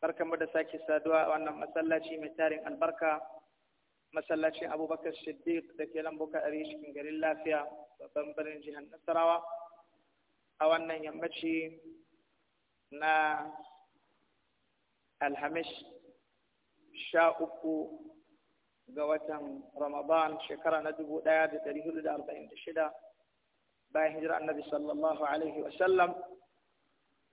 barkanmu da sake saduwa a wannan masallaci mai tarin albarka masallacin abubakar shiddiq da ke lambuka a cikin garin lafiya babban birnin jihar nasarawa a wannan yammaci na alhamis sha uku ga watan ramadan shekara na dubu ɗaya da ɗari hudu da arba'in da shida bayan hijirar annabi sallallahu alaihi wasallam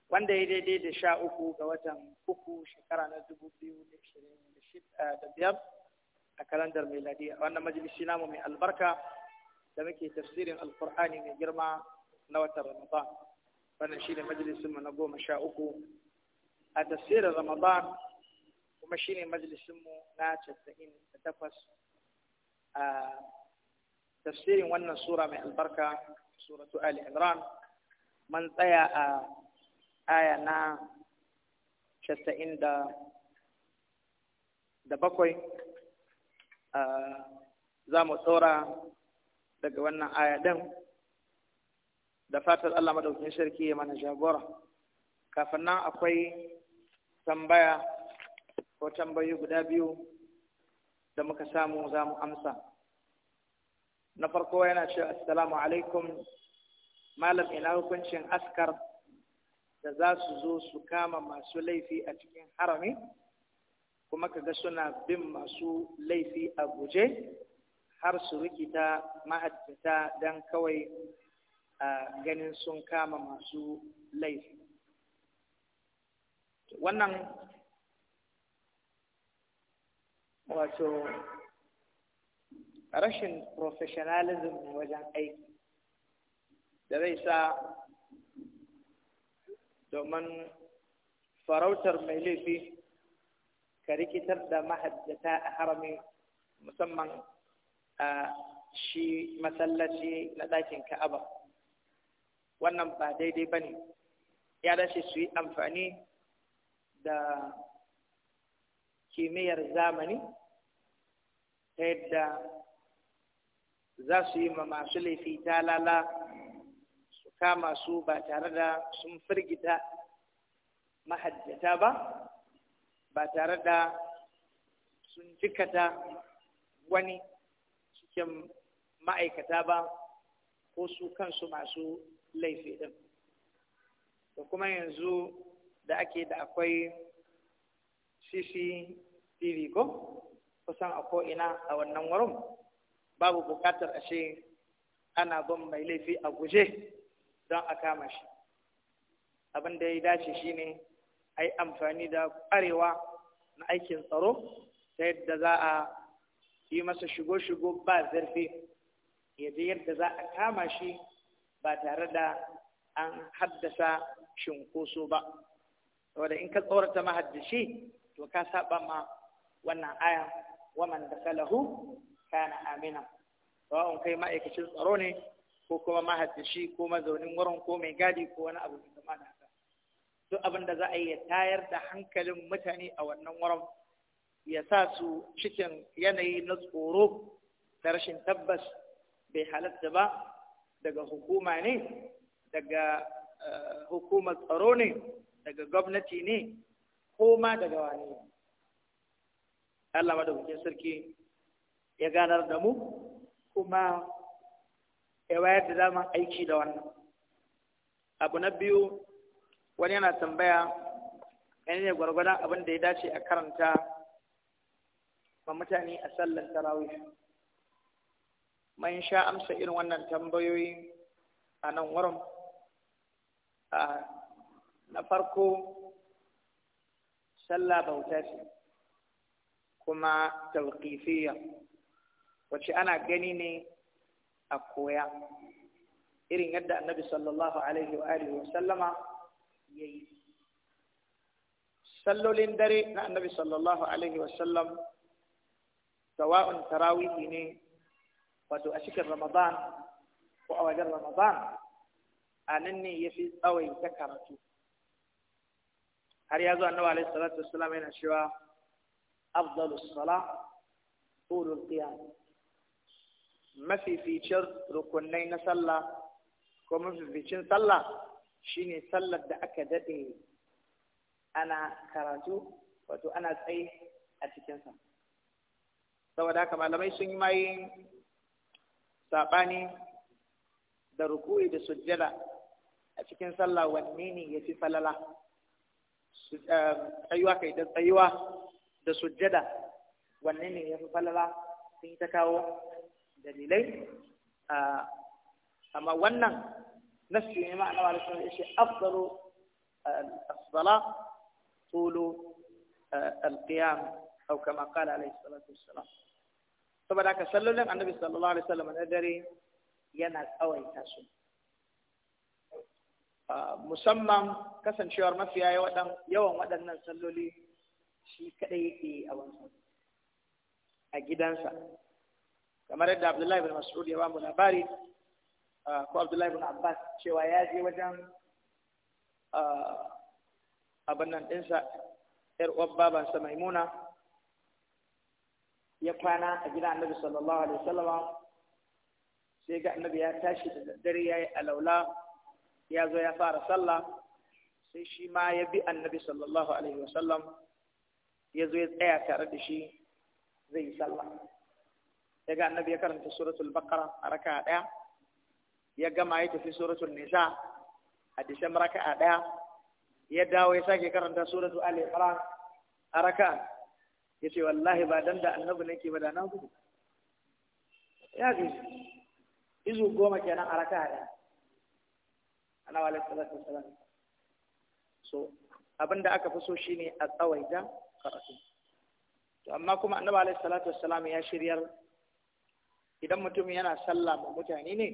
wanda ya daidai da sha uku ga watan uku shekara na dubu biyu da ishirin eh, da biyar a kalandar miladiya wannan majalisi namu mai albarka da muke tafsirin alkur'ani mai girma na watan ramadan wannan shine majalisin mu na goma sha uku a tafsirin ramadan kuma shine majalisin mu na casa'in da takwas a tafsirin wannan sura mai albarka suratu ali imran man tsaya a aya na casa'in da bakwai za mu tsora daga wannan aya ɗin da fatar Allah madaukin sarki ya mana jagora kafin nan akwai tambaya ko tambayi guda biyu da muka samu za mu amsa na farko yana cewa assalamu alaikum malam ina hukuncin askar da za su zo su kama masu laifi a cikin harami kuma kaga suna bin masu laifi a guje har su rikita mahaddata don kawai a ganin sun kama masu laifi wannan wato rashin professionalism wajen aiki da zai sa domin farautar mai laifi ka rikitar da mahajjata a harami musamman a shi masallaci na ɗakin ka'aba wannan ba daidai ba ne ya dace su yi amfani da kimiyyar zamani ta yadda za su yi ma masu laifi ta lala. kama su ba tare da sun firgita mahajjata ba ba tare da sun jikata wani cikin ma'aikata ba ko su kansu masu laifi ɗin da kuma yanzu da ake da akwai cctv ko kusan a ko'ina a wannan wurin babu bukatar ashe ana bin mai laifi a guje don a kama shi abin da ya dace shi ne a yi amfani da ƙwarewa na aikin tsaro ta yadda za a yi masa shigo-shigo ba zarfi yadda yadda za a kama shi ba tare da an haddasa shinkoso ba saboda in ka tsorata mahaddashi to ka saba ma wannan aya waman da kalahu kana amina sawa'un kai ma'aikacin tsaro ne ko kuma mahaddashi ko mazaunin wurin ko mai gadi ko wani abu mai zama da haka duk abin da za a yi ya tayar da hankalin mutane a wannan wurin ya sa su cikin yanayi na tsoro da rashin tabbas bai halatta ba daga hukuma ne daga eh, hukumar tsaro ne daga gwamnati ne ko ma daga wani Allah madaukakin sarki ya ganar da mu kuma ya da aiki da wannan abu na biyu wani yana tambaya yana ne gwargwadon abin da ya dace a karanta ma mutane a sallan tarawih man sha amsa irin wannan tambayoyi a nan wurin na farko sallah bauta ce kuma tawqifiyya wacce ana gani ne a koya irin yadda annabi sallallahu alaihi wa alihi wa sallama yayi sallolin dare na annabi sallallahu alaihi wa sallam sawa'un tarawihi ne wato a cikin ramadan ko a wajen ramadan a nan ne ya fi tsawaita karatu har ya zo annabi alaihi salatu wassalam yana cewa afdalus sala tulul qiyam mafificin rukunai na sallah ko mafificin sallah shine sallar da aka daɗe ana karatu wato ana tsaye a cikinsa saboda haka malamai sun yi mayi saɓani da ruku'i da sujjada a cikin sallah wanne ne ya fi falala eh, tsayuwa kai da tsayuwa da sujjada wanne ne ya fi falala sun yi ta kawo dalilai sama wannan nasu ne ma'ana wa alisun ya ce afdalu afdala sala tulu al au kama qala alayhi salatu wassalam saboda haka sallolin annabi sallallahu alaihi wasallam na dare yana tsawaita su musamman kasancewar mafiya yawan waɗannan salloli shi kadai yake a wannan a gidansa كما رد عبد الله بن مسعود يوام بن أباري كو آه، عبد الله بن عباس شوى يازي وجم آه، أبنى الإنسى إر وبابا سميمونة يقانا أجلاء النبي صلى الله عليه وسلم سيقع النبي يتاشد الدرية الأولى يازو يفار صلى سيشي ما يبي النبي صلى الله عليه وسلم يزويز أيا كاردشي زي صلى الله عليه وسلم ya ga annabi ya karanta suratul baqara a raka daya ya gama ya tafi suratul nisa a dishan raka daya. ya dawo ya sake karanta suratul ali imran a raka ya ce wallahi ba dan da annabi nake ba da na gudu ya ji izu goma kenan a raka daya ana wa alaihi salatu so abinda aka fi so shine a tsawaita karatu to amma kuma annabi alaihi salatu wassalam ya shiryar idan mutum yana sallah ma mutane ne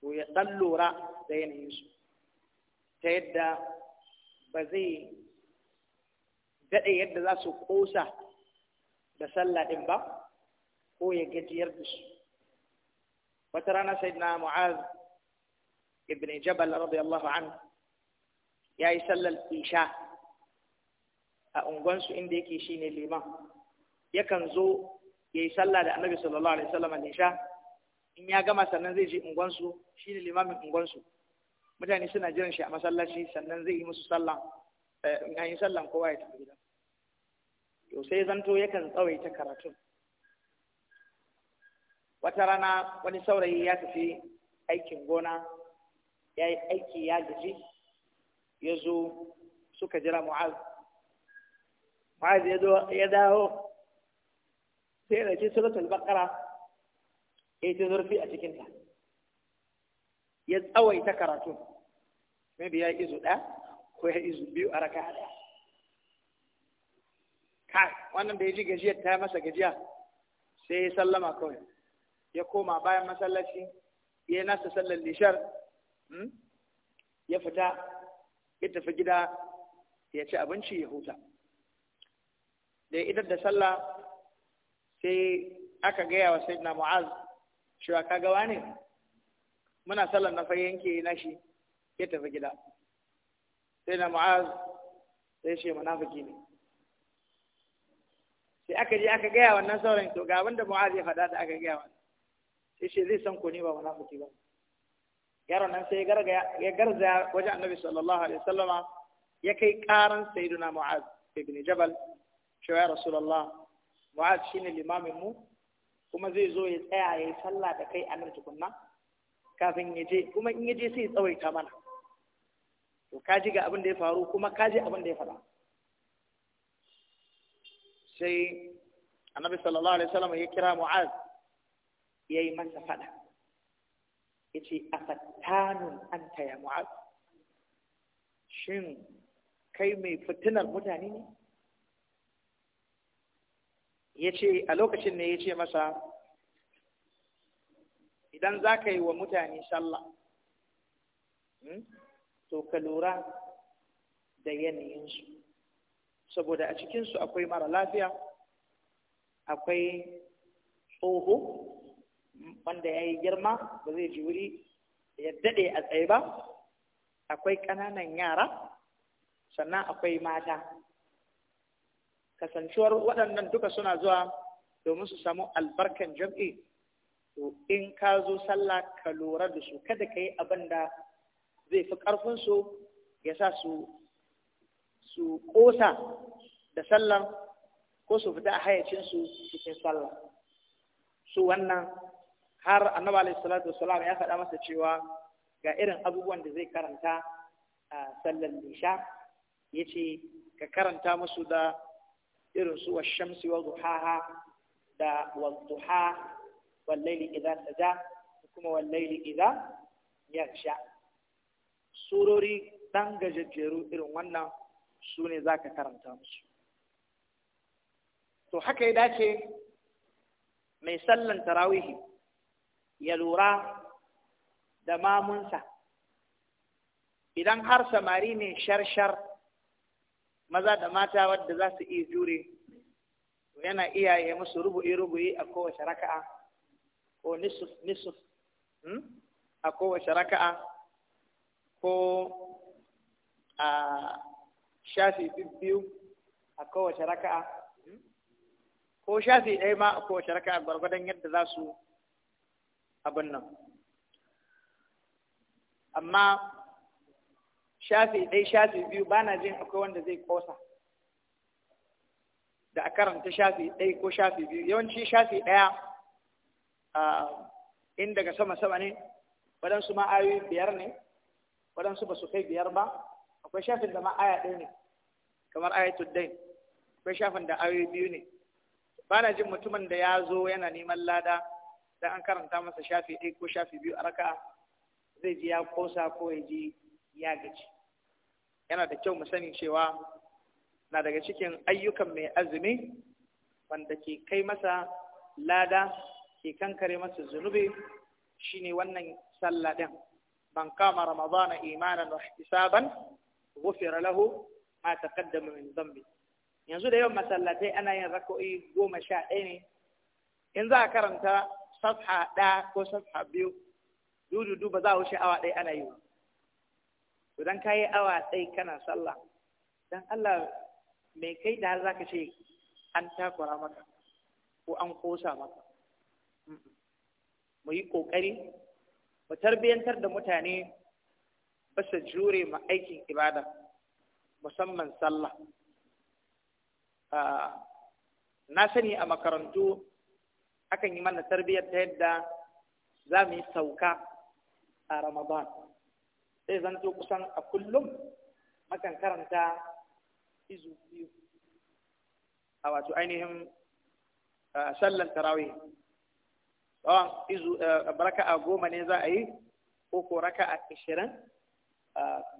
to ya ɗan lura da yanayinsu ta yadda ba zai daɗe yadda za su ƙosa da sallah ɗin ba ko ya gajiyar da su wata rana sai na mu'az ibn jabal radiyallahu an ya yi sallar isha a unguwansu inda yake shine liman yakan zo ya yi sallah da annabi sallallahu alaihi wasallam da sha in ya gama sannan zai je unguwansu shi ne limamin unguwansu mutane suna jiran shi a masallaci sannan zai yi musu sallah eh, in yi sallah kowa ya tafi gida to sai zanto yakan tsawaita karatu wata rana wani saurayi ya tafi aikin gona ya yi aiki ya gaji ya zo suka jira mu'az mu'az ya dawo sai da ce suratul baqara ya ta zurfi a cikin ta ya tsawaita karatu maybe ya izu ɗaya ko ya izu biyu a raka da ka wannan da ya ji gajiyar ta masa gajiya sai ya sallama kawai ya koma bayan masallaci ya nasa sallar lishar hmm? ya fita ya tafi gida ya ci abinci ya huta da idan da sallah sai aka gaya wa sayyidina mu'az cewa ka gawa ne muna sallar na fari yanke na shi ya tafi gida sayyidina mu'az sai ce munafiki ne sai aka je aka gaya wannan sauran to ga abinda mu'az ya faɗa da aka gaya wa sai ce zai san ko ni ba munafiki ba yaron nan sai ya garza wajen annabi sallallahu alaihi wasallama ya kai karan sayyidina mu'az ibn jabal cewa ya rasulullah mu'az shine limamin mu kuma zai zo ya tsaya ya yi sallah da kai a nan tukunna kafin ya je kuma in ya je sai ya tsawaita mana to ka ji ga abin da ya faru kuma ka ji abin da ya faɗa sai annabi sallallahu alaihi wasallam ya kira mu'az ya yi masa faɗa ya ce a fattanun anta ya mu'az shin kai mai fitinar mutane ne ya ce a lokacin ne ya ce masa idan za ka yi wa mutane sallah hmm, to ka lura da yanayinsu saboda a cikinsu akwai mara lafiya akwai tsoho wanda ya yi girma ba zai ji wuri ya daɗe a tsaye ba akwai ƙananan yara sannan akwai mata kasancewar waɗannan duka suna zuwa domin su samu albarkan jam'i to in ka zo sallah ka lura da su kada ka yi abin da zai fi ƙarfinsu ya sa su su ƙosa da sallar ko su fita a hayacinsu cikin sallah su wannan har annabi alaihi salatu wasalam ya faɗa masa cewa ga irin abubuwan da zai karanta a sallar lisha yace ka karanta musu da irin su wa shamsi wa duhaha da wa duha wal layli idza saja kuma wal idan idza yaksha surori ɗan gajejjeru irin wannan su ne za ka karanta musu to haka ya dace mai sallan tarawihi ya lura da mamunsa idan har samari ne sharshar maza da mata wadda za su iya jure yana iyaye musu rubu'i-rubu'i a kowace raka'a ko nisuf-nisuf hmm? a kowace raka'a ko a shafi biyu a kowace raka'a hmm? ko shafi ɗaya ma a kowace raka'a gwargwadon yadda za su abin nan amma shafi ɗaya, shafi biyu ba na jin akwai wanda zai kosa da a karanta shafi ɗaya ko shafi biyu yawanci shafi ɗaya in daga sama-sama ne waɗansu ma ayoyi biyar ne waɗansu ba su kai biyar ba akwai shafin da ma aya ɗaya ne kamar aya tuddai akwai shafin da ayoyi biyu ne ba na jin mutumin da ya zo yana neman lada dan an karanta masa shafi ɗaya ko shafi biyu a raka zai ji ya kosa ko ya ji ya gaji yana da kyau mu sani cewa na daga cikin ayyukan mai azumi wanda ke kai masa lada ke kankare masa zunubi shine wannan sallah din ban kama ramadana imanan wa ihtisaban ghufira lahu ma taqaddama min dhanbi yanzu da yawan masallatai ana yin rako'i goma sha ɗaya ne in za a karanta safha ɗaya ko safha biyu dudu ba za a wuce awa ɗaya ana yi ba Idan dan kayi awa ɗai kana sallah dan Allah mai kai da har zaka ce an takura maka ko an kosa maka mu yi ƙoƙari mu tarbiyantar da mutane ba su jure ma aikin ibada musamman sallah na sani a makarantu akan yi mana tarbiyyar ta yadda za mu yi sauka a ramadan sai zan to kusan a kullum makan karanta izu biyu a wato ainihin sallan tarawih tsawon izu baraka a goma ne za a yi ko ko raka a ashirin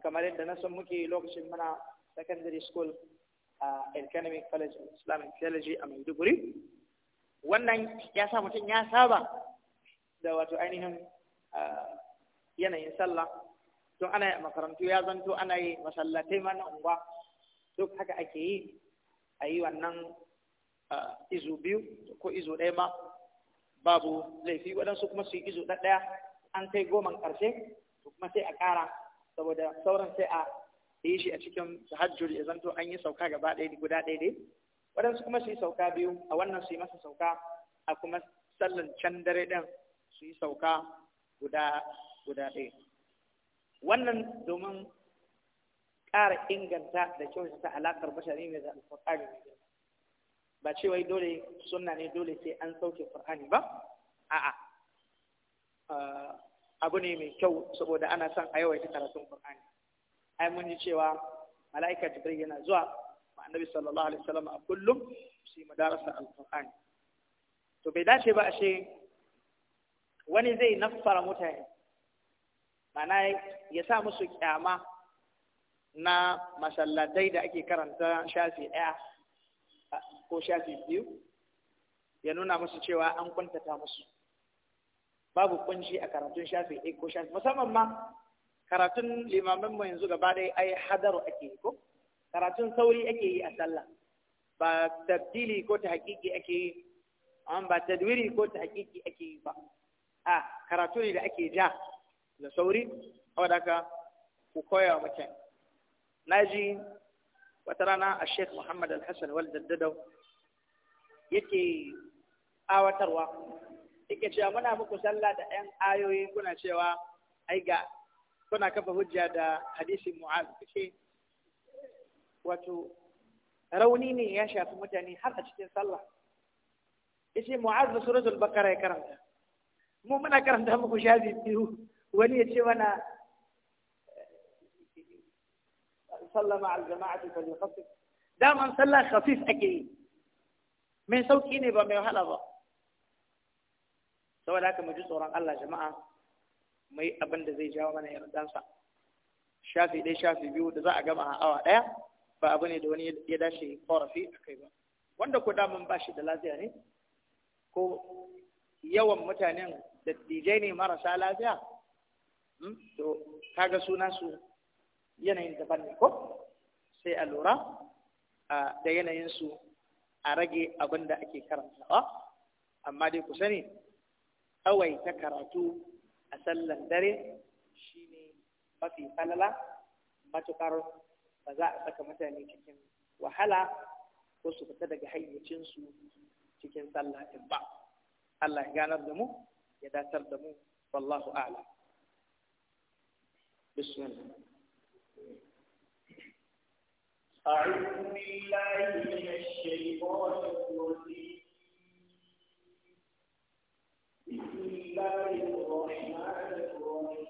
kamar yadda na san muke lokacin mana secondary school a economic college of islamic theology a maiduguri wannan ya sa mutum ya saba da wato ainihin yanayin sallah to ana yi a makarantu ya zanto ana yi masallatai ma unguwa duk haka ake yi a yi wannan izu biyu ko izu ɗaya ma babu laifi waɗansu kuma su yi izu ɗaya an kai goman ƙarshe to kuma sai a ƙara saboda sauran sai a yi shi a cikin tahajjud ya zanto an yi sauka gaba ɗaya guda ɗaya dai waɗansu kuma su yi sauka biyu a wannan su yi masa sauka a kuma sallan can dare ɗin su yi sauka guda guda ɗaya wannan domin ƙara inganta da kyautata alaƙar bashari ne da alƙur'ani ba ce wai dole sunna ne dole sai an sauke qur'ani ba a'a ah, abu ne mai kyau saboda ana son a yawaita karatun qur'ani ai mun yi cewa mala'ika jibril yana zuwa ma annabi sallallahu alaihi wasallam a kullum sai madarasa alqur'ani to bai dace ba ashe wani zai naffara mutane mana ya sa musu kyama na masallatai da ake karanta shafi ɗaya ko shafi biyu ya nuna musu cewa an kwantata musu babu kunshi a karatun shafi ɗaya ko shafi musamman ma karatun limamin mu yanzu gaba ɗaya ai hadaru ake yi ko karatun sauri ake yi a sallah ba tabdili ko ta hakiki ake yi amma ba tadwiri ko ta hakiki ake yi ba a karatu ne da ake ja da sauri a wadaka ku koya wa mutane na ji wata rana a sheik muhammad al-hassan wal daddadau yake awatarwa yake cewa muna muku sallah da yan ayoyi kuna cewa ai ga kuna kafa hujja da hadisin mu'az kace wato rauni ne ya shafi mutane har a cikin sallah yace mu'az da suratul baqara ya karanta mu muna karanta muku shafi biyu wani ya ce mana sallama al-jama'atu fa yukhaffif daman sallah khafif ake yi mai sauki ne ba mai wahala ba saboda haka mu ji tsoron Allah jama'a mai abin da zai jawo mana yardansa shafi dai, shafi biyu da za a gama a awa ɗaya ba abu ne da wani ya dace korafi a kai ba wanda ko daman ba shi da lafiya ne ko yawan mutanen da ne marasa lafiya Hmm? to kaga suna su yanayin daban ne ko sai a lura da yanayinsu a rage abin da ake karantawa amma dai ku sani kawai ta karatu a sallan dare shine mafi falala matukar ba za a saka mutane cikin wahala ko su fita daga hayyacinsu cikin sallah ba Allah ya ganar da mu ya datar da mu wallahu a'lam بسم الله أعوذ بالله من الشيطان الرجيم بسم الله الرحمن الرحيم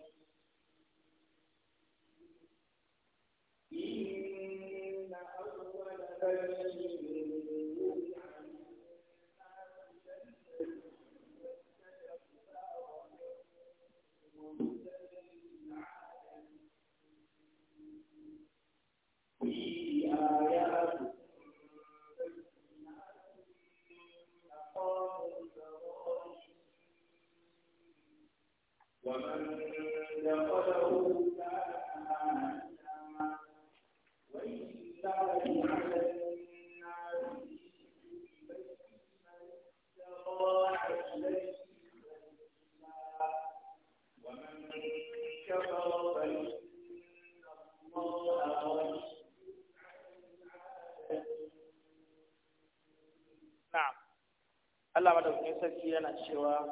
yana cewa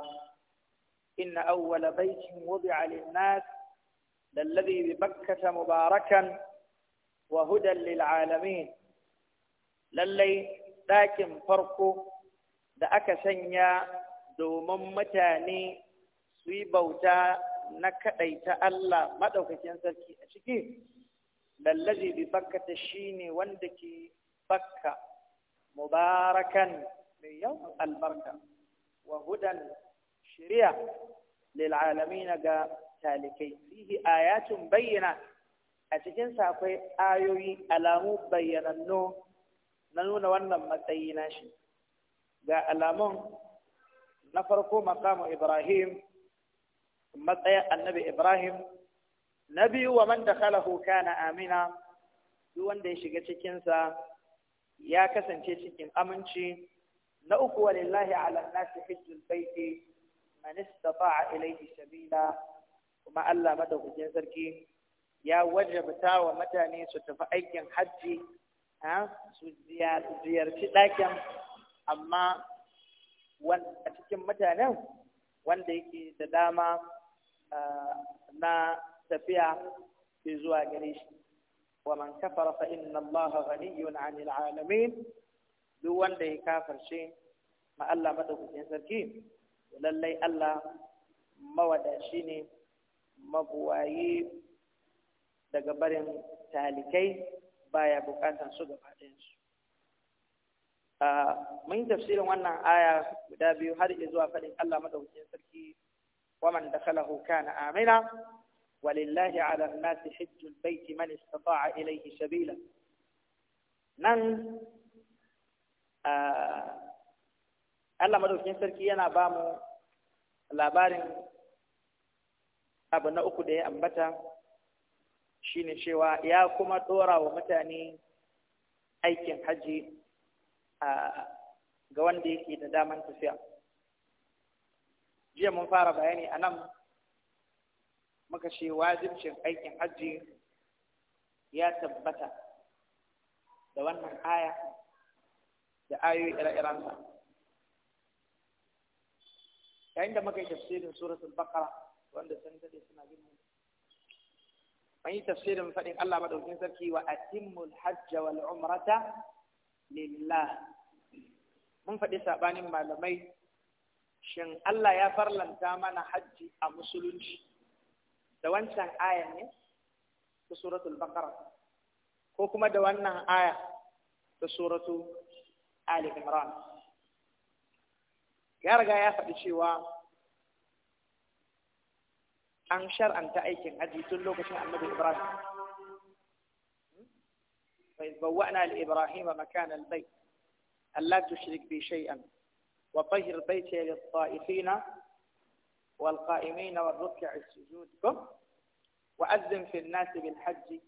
inna awwala baitin wudi'a lin-nas lalladhi bi bakkata mubarakan wa lil-alamin lallai ɗakin farko da aka sanya domin mutane su na kaɗaita Allah maɗaukakin sarki a ciki shine wanda ke bakka mubarakan mai albarka wa hudan shari'a lil alamin ga talikai fihi ayatun bayyana a cikin sa akwai ayoyi alamu bayyananno na nuna wannan matsayi nashi ga alamun na farko maqamu ibrahim matsayin annabi ibrahim na biyu wa man dakhalahu na amina duk wanda ya shiga cikinsa ya kasance cikin aminci na uku walillahi ala nasi hijjul baiti man istata'a ilayhi sabila kuma Allah madaukakin sarki ya wajabta wa mutane su tafi aikin hajji su ziyarci ɗakin amma a cikin mutanen wanda yake da dama na tafiya ke zuwa gare shi wa man kafara fa inna Allah ghaniyun 'anil 'alamin duk wanda ya kafarce ma Allah madaukakin sarki lallai Allah mawadashi ne mabuwayi daga barin talikai baya buƙatan su gaba su mun tafsirin wannan aya guda biyu har zuwa faɗin Allah madaukakin sarki waman dakhalahu kana amina ولله على الناس حج البيت من استطاع إليه سبيلا nan Ah, Allah madaukin sarki yana ba mu labarin abu na uku da ya ambata shine cewa ya kuma ɗora wa mutane aikin hajji ah, ga wanda yake da daman tafiya jiya mun fara bayani a nan muka ce wajibcin aikin hajji ya tabbata da wannan aya da ayoyi ire-irensa yayin da muka yi tafsirin suratul baqara wanda san dade suna bin mu an yi tafsirin fadin Allah madaukin sarki wa atimmul hajj wal umrata lillah mun faɗi sabanin malamai shin Allah ya farlanta mana hajji a musulunci da wancan aya ne ta suratul baqara ko kuma da wannan aya ta suratu آل عمران ya يا ya faɗi أنشر أنت أيكن أدي haji tun lokacin إبراهيم فإذ بوأنا لإبراهيم مكان البيت ألا تشرك بي شيئا وطهر بيتي للطائفين والقائمين والركع السجود كم وأذن في الناس بالحج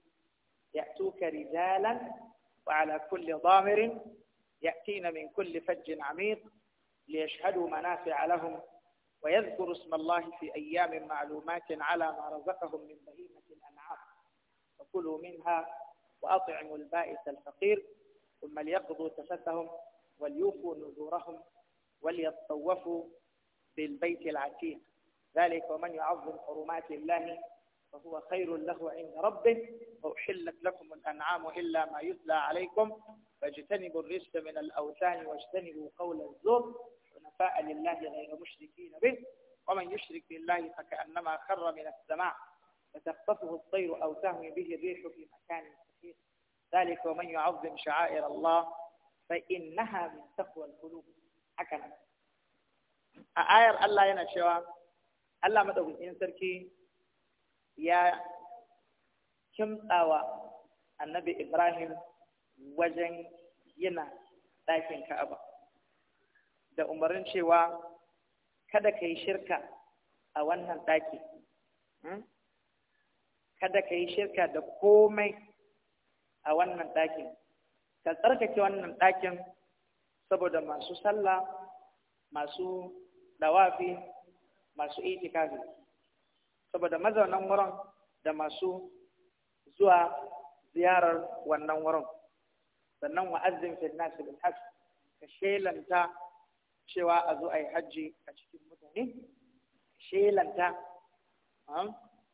يأتوك رجالا وعلى كل ضامر يأتين من كل فج عميق ليشهدوا منافع لهم ويذكروا اسم الله في أيام معلومات على ما رزقهم من بهيمة الأنعام فكلوا منها وأطعموا البائس الفقير ثم ليقضوا تفتهم وليوفوا نذورهم وليطوفوا بالبيت العتيق ذلك ومن يعظم حرمات الله فهو خير له عند ربه وأحلت لكم الأنعام إلا ما يتلى عليكم فاجتنبوا الرزق من الأوثان واجتنبوا قول الزور حنفاء لله غير مشركين به ومن يشرك بالله فكأنما خر من السماء فتخطفه الطير أو تهوي به الريح في مكان سخيف ذلك ومن يعظم شعائر الله فإنها من تقوى القلوب حكما آية a الله ينشوى الله cewa Allah madaukakin ya kimtsawa annabi Ibrahim wajen gina ɗakin Ka'aba da umarnin cewa kada ka yi shirka a wannan ɗaki hmm? kada ka yi shirka da komai a wannan ɗakin ka tsarkake wannan ɗakin saboda masu sallah masu dawafi masu itikafi saboda mazaunan wurin da masu zuwa ziyarar wannan wurin sannan wa'azin fil nas bil hajj ka shelanta cewa a zo a yi hajji a cikin mutane shelanta hmm?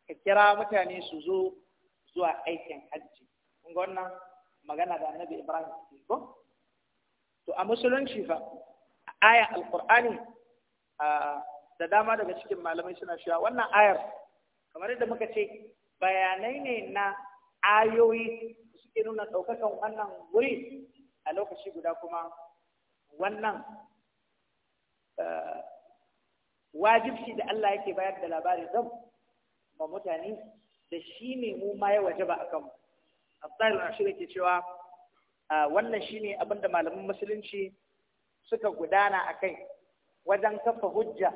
ka kira mutane su zo zuwa aikin hajji kun ga wannan magana da annabi ibrahim ke ko to a musulunci fa aya alqur'ani da dama daga cikin malamai suna cewa wannan ayar kamar yadda muka ce bayanai ne na ayoyi suke nuna ɗaukakan wannan wuri a lokaci guda kuma wannan eh, wajibci da Allah yake bayar da labari zan ma mutane da shi ne mu ma ya ba a kanmu. Abdul Ashir ke cewa ah, wannan shi ne abin da malaman musulunci suka gudana a kai wajen kafa hujja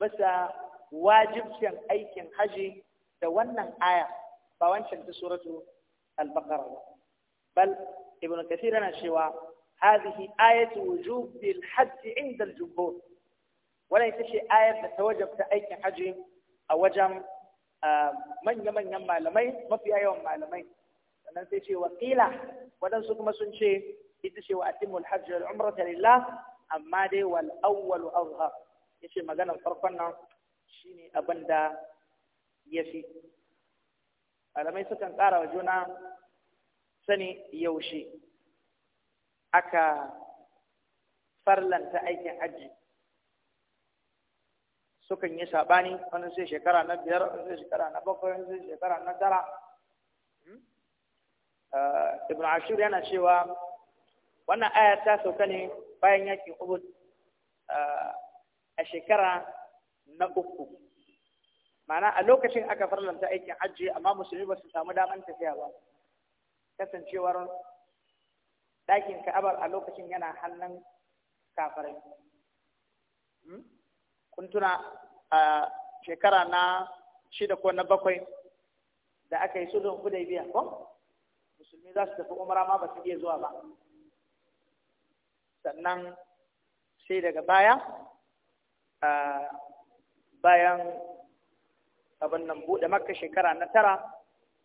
bisa wajibcin aikin haji da wannan aya ba wancan ta suratu al-baqara ba bal ibnu kathir yana cewa hadhihi ayatu wujubi al-hajj inda al-jumhur wala ita ce ayar da ta wajabta aikin haji a wajen manya-manyan malamai mafiya yawan malamai sannan sai ce wakila waɗansu kuma sun ce ita ce wa atimul hajji wal umrata lillah amma dai wal awwal azhar yace maganar farkon nan shine abin da ya fi alamai sukan ƙara wa juna sani yaushe aka farlanta aikin hajji sukan yi saɓani wani sai shekara na biyar wani sai shekara na bakwai wani sai shekara na tara eh, ibn ashur yana cewa wannan aya ta sauka ne bayan yakin ubud eh, a shekara na uku ma'ana a lokacin aka farlanta aikin hajji amma musulmi ba su samu daman tafiya ba kasancewar ɗakin ka'abar a lokacin yana hannun kafirai hmm? kun tuna a shekara na shida ko na bakwai da aka yi sulhun hudaybiya ko musulmi za su tafi umara ma ba su iya zuwa ba sannan sai daga baya bayan abin nan buɗe makka shekara na tara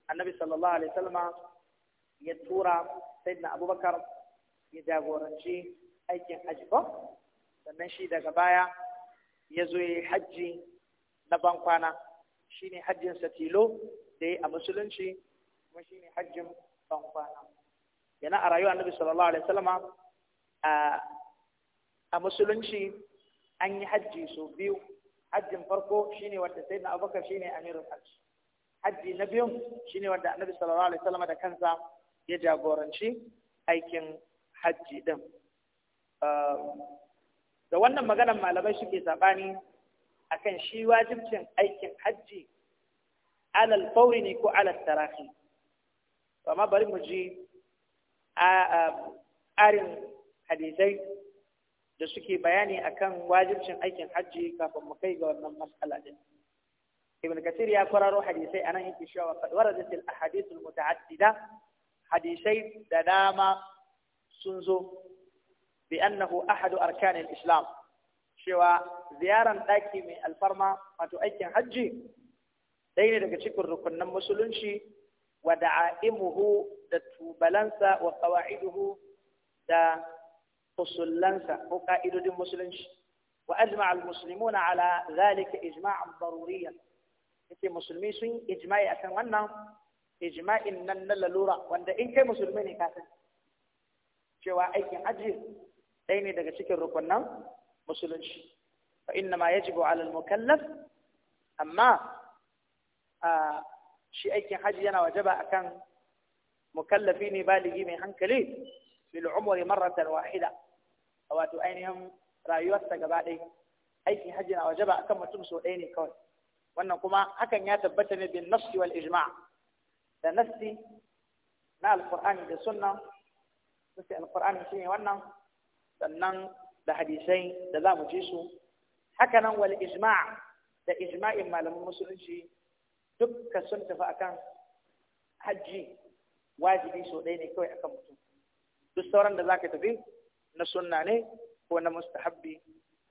annabi sallallahu alaihi wasallama ya tura sayyidina abubakar ya jagoranci aikin hajji sannan shi daga baya ya zo yi hajji na bankwana shine hajjin satilo da ya a musulunci kuma shine hajjin bankwana yana a rayuwa annabi sallallahu alaihi wasallama a musulunci an yi hajji sau biyu hajjin farko shine wanda sayyidina abubakar shine amirul hajji hajji na biyun shine wanda annabi sallallahu alaihi wasallam da kansa ya jagoranci aikin hajji din da wannan maganar malamai suke sabani akan shi wajibcin aikin hajji alal fauri ne ko alal tarahi amma bari mu ji arin hadisai da suke bayani akan wajibcin aikin hajji kafin mu kai ga wannan mas'ala din ibn kathir ya fararo hadisai anan yake cewa qad waradat al ahadith al muta'addida hadisai da dama sun zo bi annahu ahadu arkan al islam cewa ziyaran daki mai alfarma wato aikin hajji ɗaya ne daga cikin rukunin musulunci wa da'aimuhu da tubalansa wa qawaiduhu da usullansa ko ka'idodin musulunci wa ajma al-muslimuna ala zalika ijma'an daruriyya yace musulmi sun ijma'i akan wannan ijma'in nan na lalura wanda in kai musulmi ne ka san cewa aikin hajji ɗaya ne daga cikin rukunan musulunci fa inna ma yajibu ala al-mukallaf amma shi aikin hajji yana wajaba akan mukallafi ne baligi mai hankali bil umri marratan wahida wato ainihin rayuwarsa gaba ɗaya aikin hajji na wajaba akan mutum so ɗaya ne kawai wannan kuma hakan ya tabbata ne bin nafsi wal ijma' da nafsi na alqur'ani da sunna nafsi alqur'ani shine wannan sannan da hadisai da za mu ji su haka nan wal ijma' da ijma'in malaman musulunci dukka sun tafi akan hajji wajibi so ɗaya ne kawai akan mutum duk sauran da zaka tafi na sunna ne ko na mustahabbi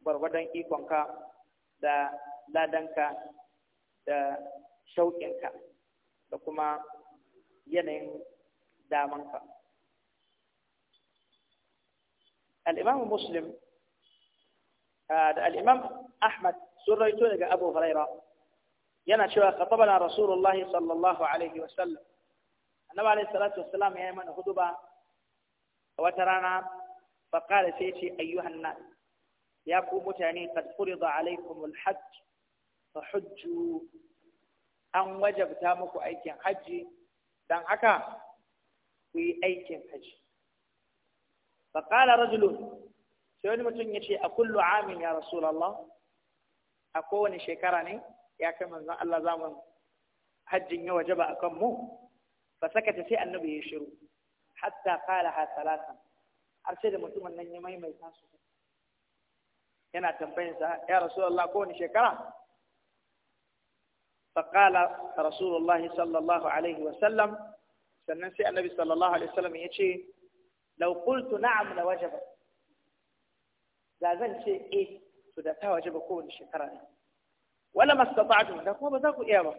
gwargwadon ikonka da ladanka da shauƙinka da kuma yanayin damanka al'imam muslim ah, da al'imam ahmad sun raito daga abu huraira yana cewa khatabana rasulullahi sallallahu alaihi wasallam annabi alaihi salatu wasallam ya yi mana huduba a wata rana faƙara sai ce ayyuhan nas ya ku mutane qad furida alaikum alhajj fa hujju an wajabta muku aikin hajji dan haka ku aikin hajji faƙala rajulun sai wani mutum ya ce a kullu ya rasulallah a kowane shekara ne ya kai manzon Allah zamun hajjin ya wajaba akan mu fa sakata sai annabi ya shiru hatta qalaha salatan har sai da mutumin nan ya maimaita su yana tambayinsa ya rasulullah kowane shekara faƙala rasulullah sallallahu alaihi wa sallam sannan sai annabi sallallahu alaihi wasallam ya ce lau qultu na'am la wajaba da zan ce eh to da ta wajaba kowane shekara ne wala mastata'tum da kuma ba za ku iya ba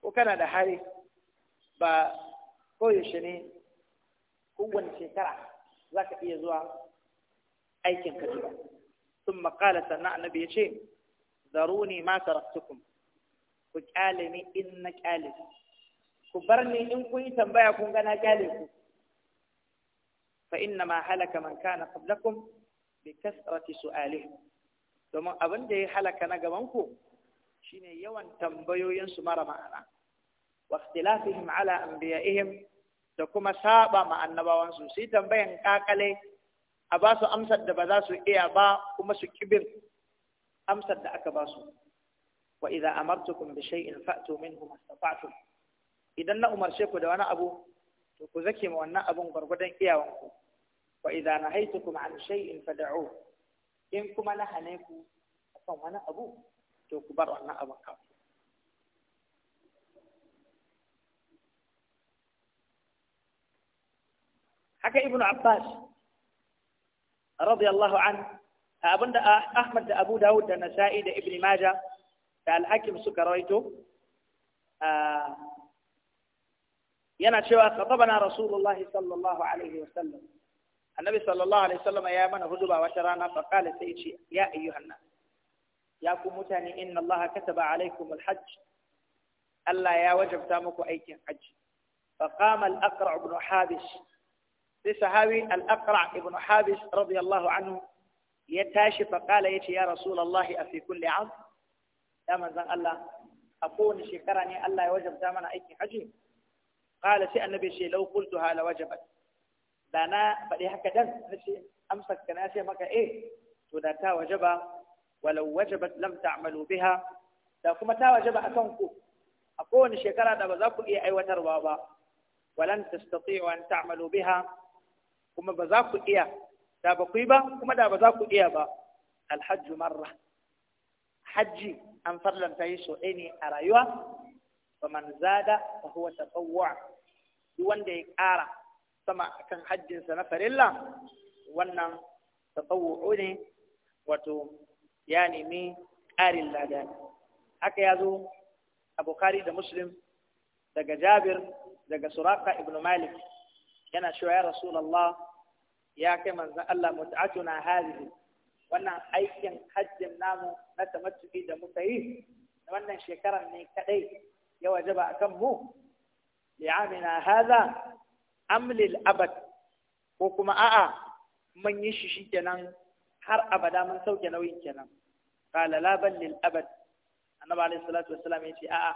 ko kana da hari ba koyaushe ne kowane shekara za ka iya zuwa aikin ka jiba sun makala sannan annabi ya ce zaruni ma taraktukum ku kyale ni in na kyale ku bar ni in kun yi tambaya kun gana kyale ku fa inna ma halaka man kana qablakum bi kasrati su'alihi domin abin da ya halaka na gaban ku shine yawan tambayoyin su mara ma'ana wa ikhtilafihim ala anbiya'ihim da kuma saba ma annabawansu su yi tambayan kakale a ba su amsar da ba za su iya ba kuma su kibir amsar da aka ba su wa idza amartukum bi shay'in fa'tu minhu mastata'tum idan na umarce ku da wani abu to ku zake ma wannan abun iyawan iyawanku wa idza nahaytukum an shay'in fad'u in kuma na hane ku akan wani abu to ku bar wannan abun kawai haka ibn abbas radiyallahu an abinda ahmad da abu dawud da nasa'i da ibn maja da al-hakim suka rawaito yana cewa khatabana rasulullahi sallallahu alaihi wasallam annabi sallallahu alaihi wasallam ya mana huduba wata rana fa qala sai ce ya ayyuhan nas ya ku mutane inna allaha kataba alaikum alhajj Allah ya wajabta muku aikin hajji fa qama al-aqra ibn habish sai sahabi al-aqra ibn habis radiyallahu anhu ya tashi faqala yace ya rasulullahi a fi kulli am ya manzon Allah a kowane shekara ne Allah ya wajabta mana aiki haji qala sai annabi ce law qultuha la wajabat da na faɗi haka dan nace amsa ka na ce maka eh to da ta wajaba walau wajabat lam ta'malu biha da kuma ta wajaba akan ku a kowane shekara da ba za ku iya aiwatarwa ba walan tastati'u an ta'malu biha kuma ba za ku iya da ba ku yi ba kuma da ba za ku iya ba alhajju marra hajji an farlanta yi so ɗaya ne a rayuwa ba man zada ta huwa ta duk wanda ya ƙara sama akan hajjinsa na farilla wannan tatawu'u ne wato ya nemi ƙarin lada haka ya zo a bukari da muslim daga jabir daga suraka ibn malik yana cewa ya rasulullah ya kai manzon Allah mut'atuna hadhihi wannan aikin hajjin namu na tamattu'i da muka yi wannan shekarar ne kadai ya wajaba akan mu li'amina hadha am lil abad ko kuma a'a mun yi shi shikenan har abada mun sauke nauyin kenan qala la bal lil abad annabi alayhi salatu wassalam yace a'a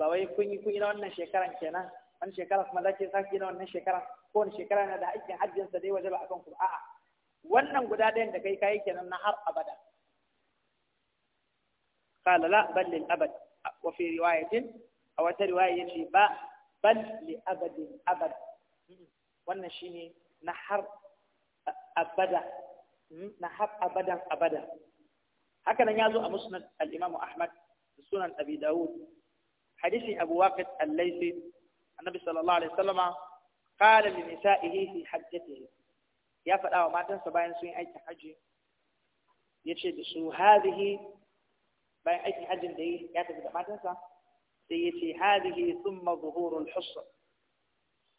ba wai kun yi kun yi na wannan shekaran kenan wannan shekara kuma zake saki na wannan shekara kowane shekara na da aikin hajjinsa dai waje ba akan ku a'a wannan guda ɗayan da kai kayi kenan na har abada qala la bal lil abad wa fi riwayatin a wata riwaya yace ba bal li abadin abad wannan shine na har abada na har abadan abada haka nan yazo a musnad al-imam ahmad sunan abi daud hadisi abu waqid al-laythi annabi sallallahu alaihi wasallama قال لنسائه في حجته يا ya وما wa باين bayan sun yi aikin hajji ya ce da su hadhihi bayan aikin hajjin da yi ya tafi da matansa sai ya ce hadhihi thumma zuhurul hussa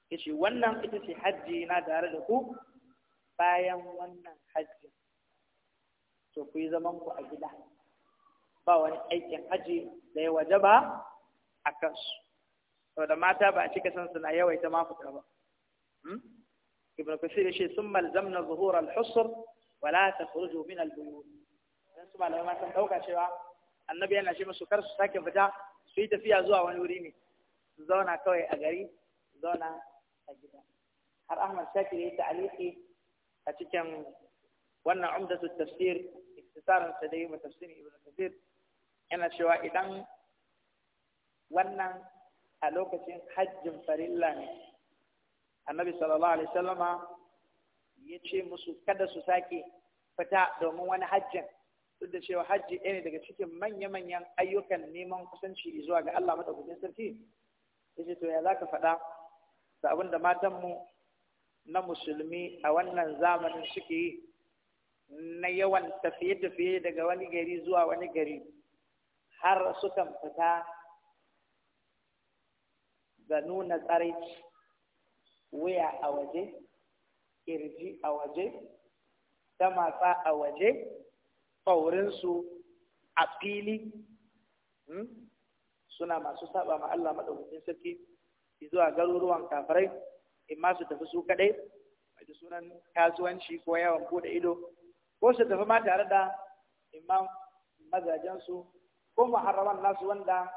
ya ce wannan ita ce hajji na tare da ku bayan wannan hajji to zaman ku a gida ba wani aikin hajji da waje ba a kansu mata ba a cika san suna yawaita ma ba Hmm? ibn kasir yace sun malzamna zuhur al-husr wa la takhruju min al-buyut dan su malama ma cewa annabi yana ce musu su sake fita su yi tafiya zuwa wani wuri ne su zauna kawai a gari su zauna a gida har Ahmad Shakir ya ta'aliki a cikin wannan umdatu tafsir iktisarin sa da yi tafsir ibn kasir yana cewa idan wannan a lokacin hajjin farilla ne annabi sallallahu alaihi sallama ya ce musu kada su sake fita domin wani hajjin duk da cewa hajji ɗaya ne daga cikin manya-manyan ayyukan neman kusanci zuwa ga Allah gudun sarki ya ce to ya za faɗa da abin da matanmu na musulmi a wannan zamanin suke yi na yawan tafiye-tafiye daga wani gari zuwa wani gari har sukan fita da nuna tsaraici wuya a waje kirji a waje damatsa a waje faurinsu a fili hmm? suna masu saba ma Allah maɗaukacin sarki zuwa garuruwan kafirai in ma su tafi su kaɗai ji sunan kasuwanci ko yawon buɗe ido ko su tafi ma tare da imam mazajensu ko muharraman nasu wanda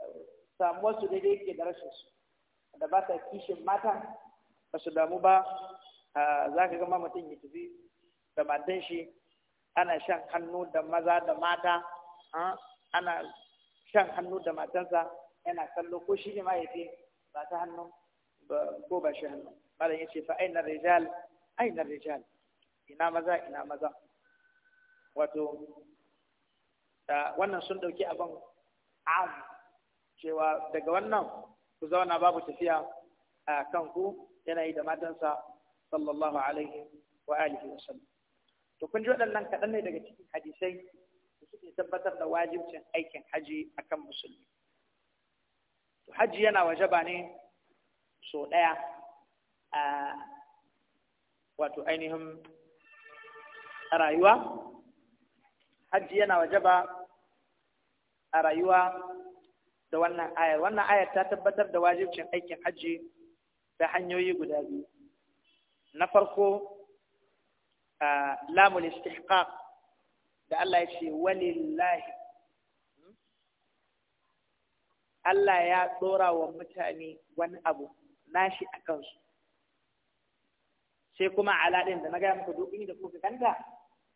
eh, samuwarsu daidai ke da rashinsu da ba ta kishin mata ba su damu ba za ka gama mutum ya tafi da matan shi ana shan hannu da maza da mata ana shan hannu da matansa yana kallo ko shi ne ma yafi ba ta hannu ko ba shi hannu malam ce fa ainihin rijal ainihin rijal ina maza ina maza wato wannan sun dauki abin am cewa daga wannan ku zauna babu tafiya a kanku yana yi da matansa sallallahu alaihi wa alihi wa sallam to kun ji waɗannan kaɗan ne daga cikin hadisai da suke tabbatar da wajibcin aikin haji akan musulmi to haji yana wajaba ne sau ɗaya a wato ainihin rayuwa hajji yana wajaba a rayuwa da wannan ayar wannan ayar ta tabbatar da wajibcin aikin hajji ta hanyoyi guda biyu na farko lamul istihqaq da Allah ya ce walillahi hmm? Allah ya tsora wa mutane wani abu nashi a kansu sai kuma aladin da na gaya muku duk inda kuka ganta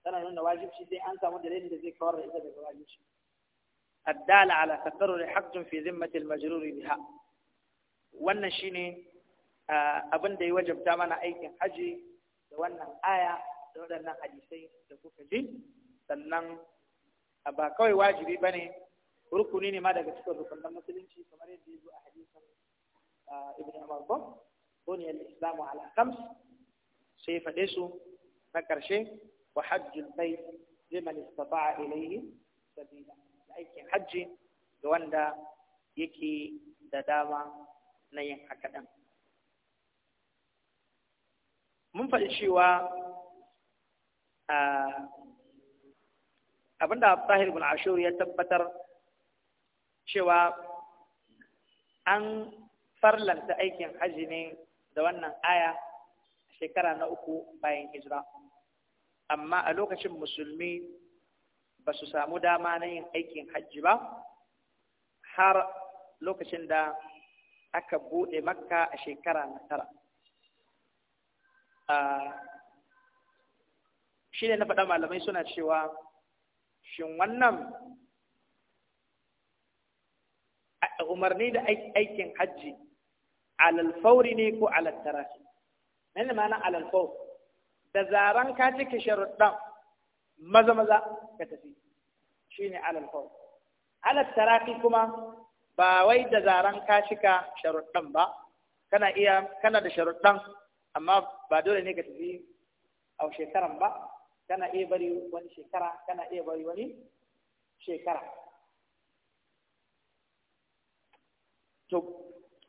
tana nuna wajibci sai an samu dalilin da zai kawar da ita daga wajibci الدالة على تقرر حق في ذمة المجرور بها wannan shine abin da ya wajabta mana aikin haji da wannan aya da waɗannan hadisai da kuka ji sannan ba kawai wajibi ba ne rukuni ne ma daga cikin rukunan musulunci kamar yadda ya zo a hadisin ibn umar ba buni al-islam ala khams sai faɗe su na karshe wa hajjul bayt liman istata'a ilayhi sabila aikin hajji ga wanda yake da dama na yin haka ɗin. Mun faɗi cewa abinda Abdullahi bin Ashur ya tabbatar cewa an farlanta aikin hajji ne da wannan aya shekara na uku bayan hijira. Amma a lokacin musulmi ba su samu dama na yin aikin hajji ba har lokacin da aka bude makka a shekara na tara shi ne na faɗa malamai suna cewa shin wannan umarni da aikin hajji alalfauri ne ko alaltarafi ne da ma'ana alalfauri. da zaren ka cike sharuɗan maza maza ka tafi ne alal fawl alal taraki kuma ba wai da zaran ka shika sharuɗan ba kana iya kana da sharuɗan amma ba dole ne ka tafi a shekaran ba kana iya bari wani shekara kana iya bari wani shekara to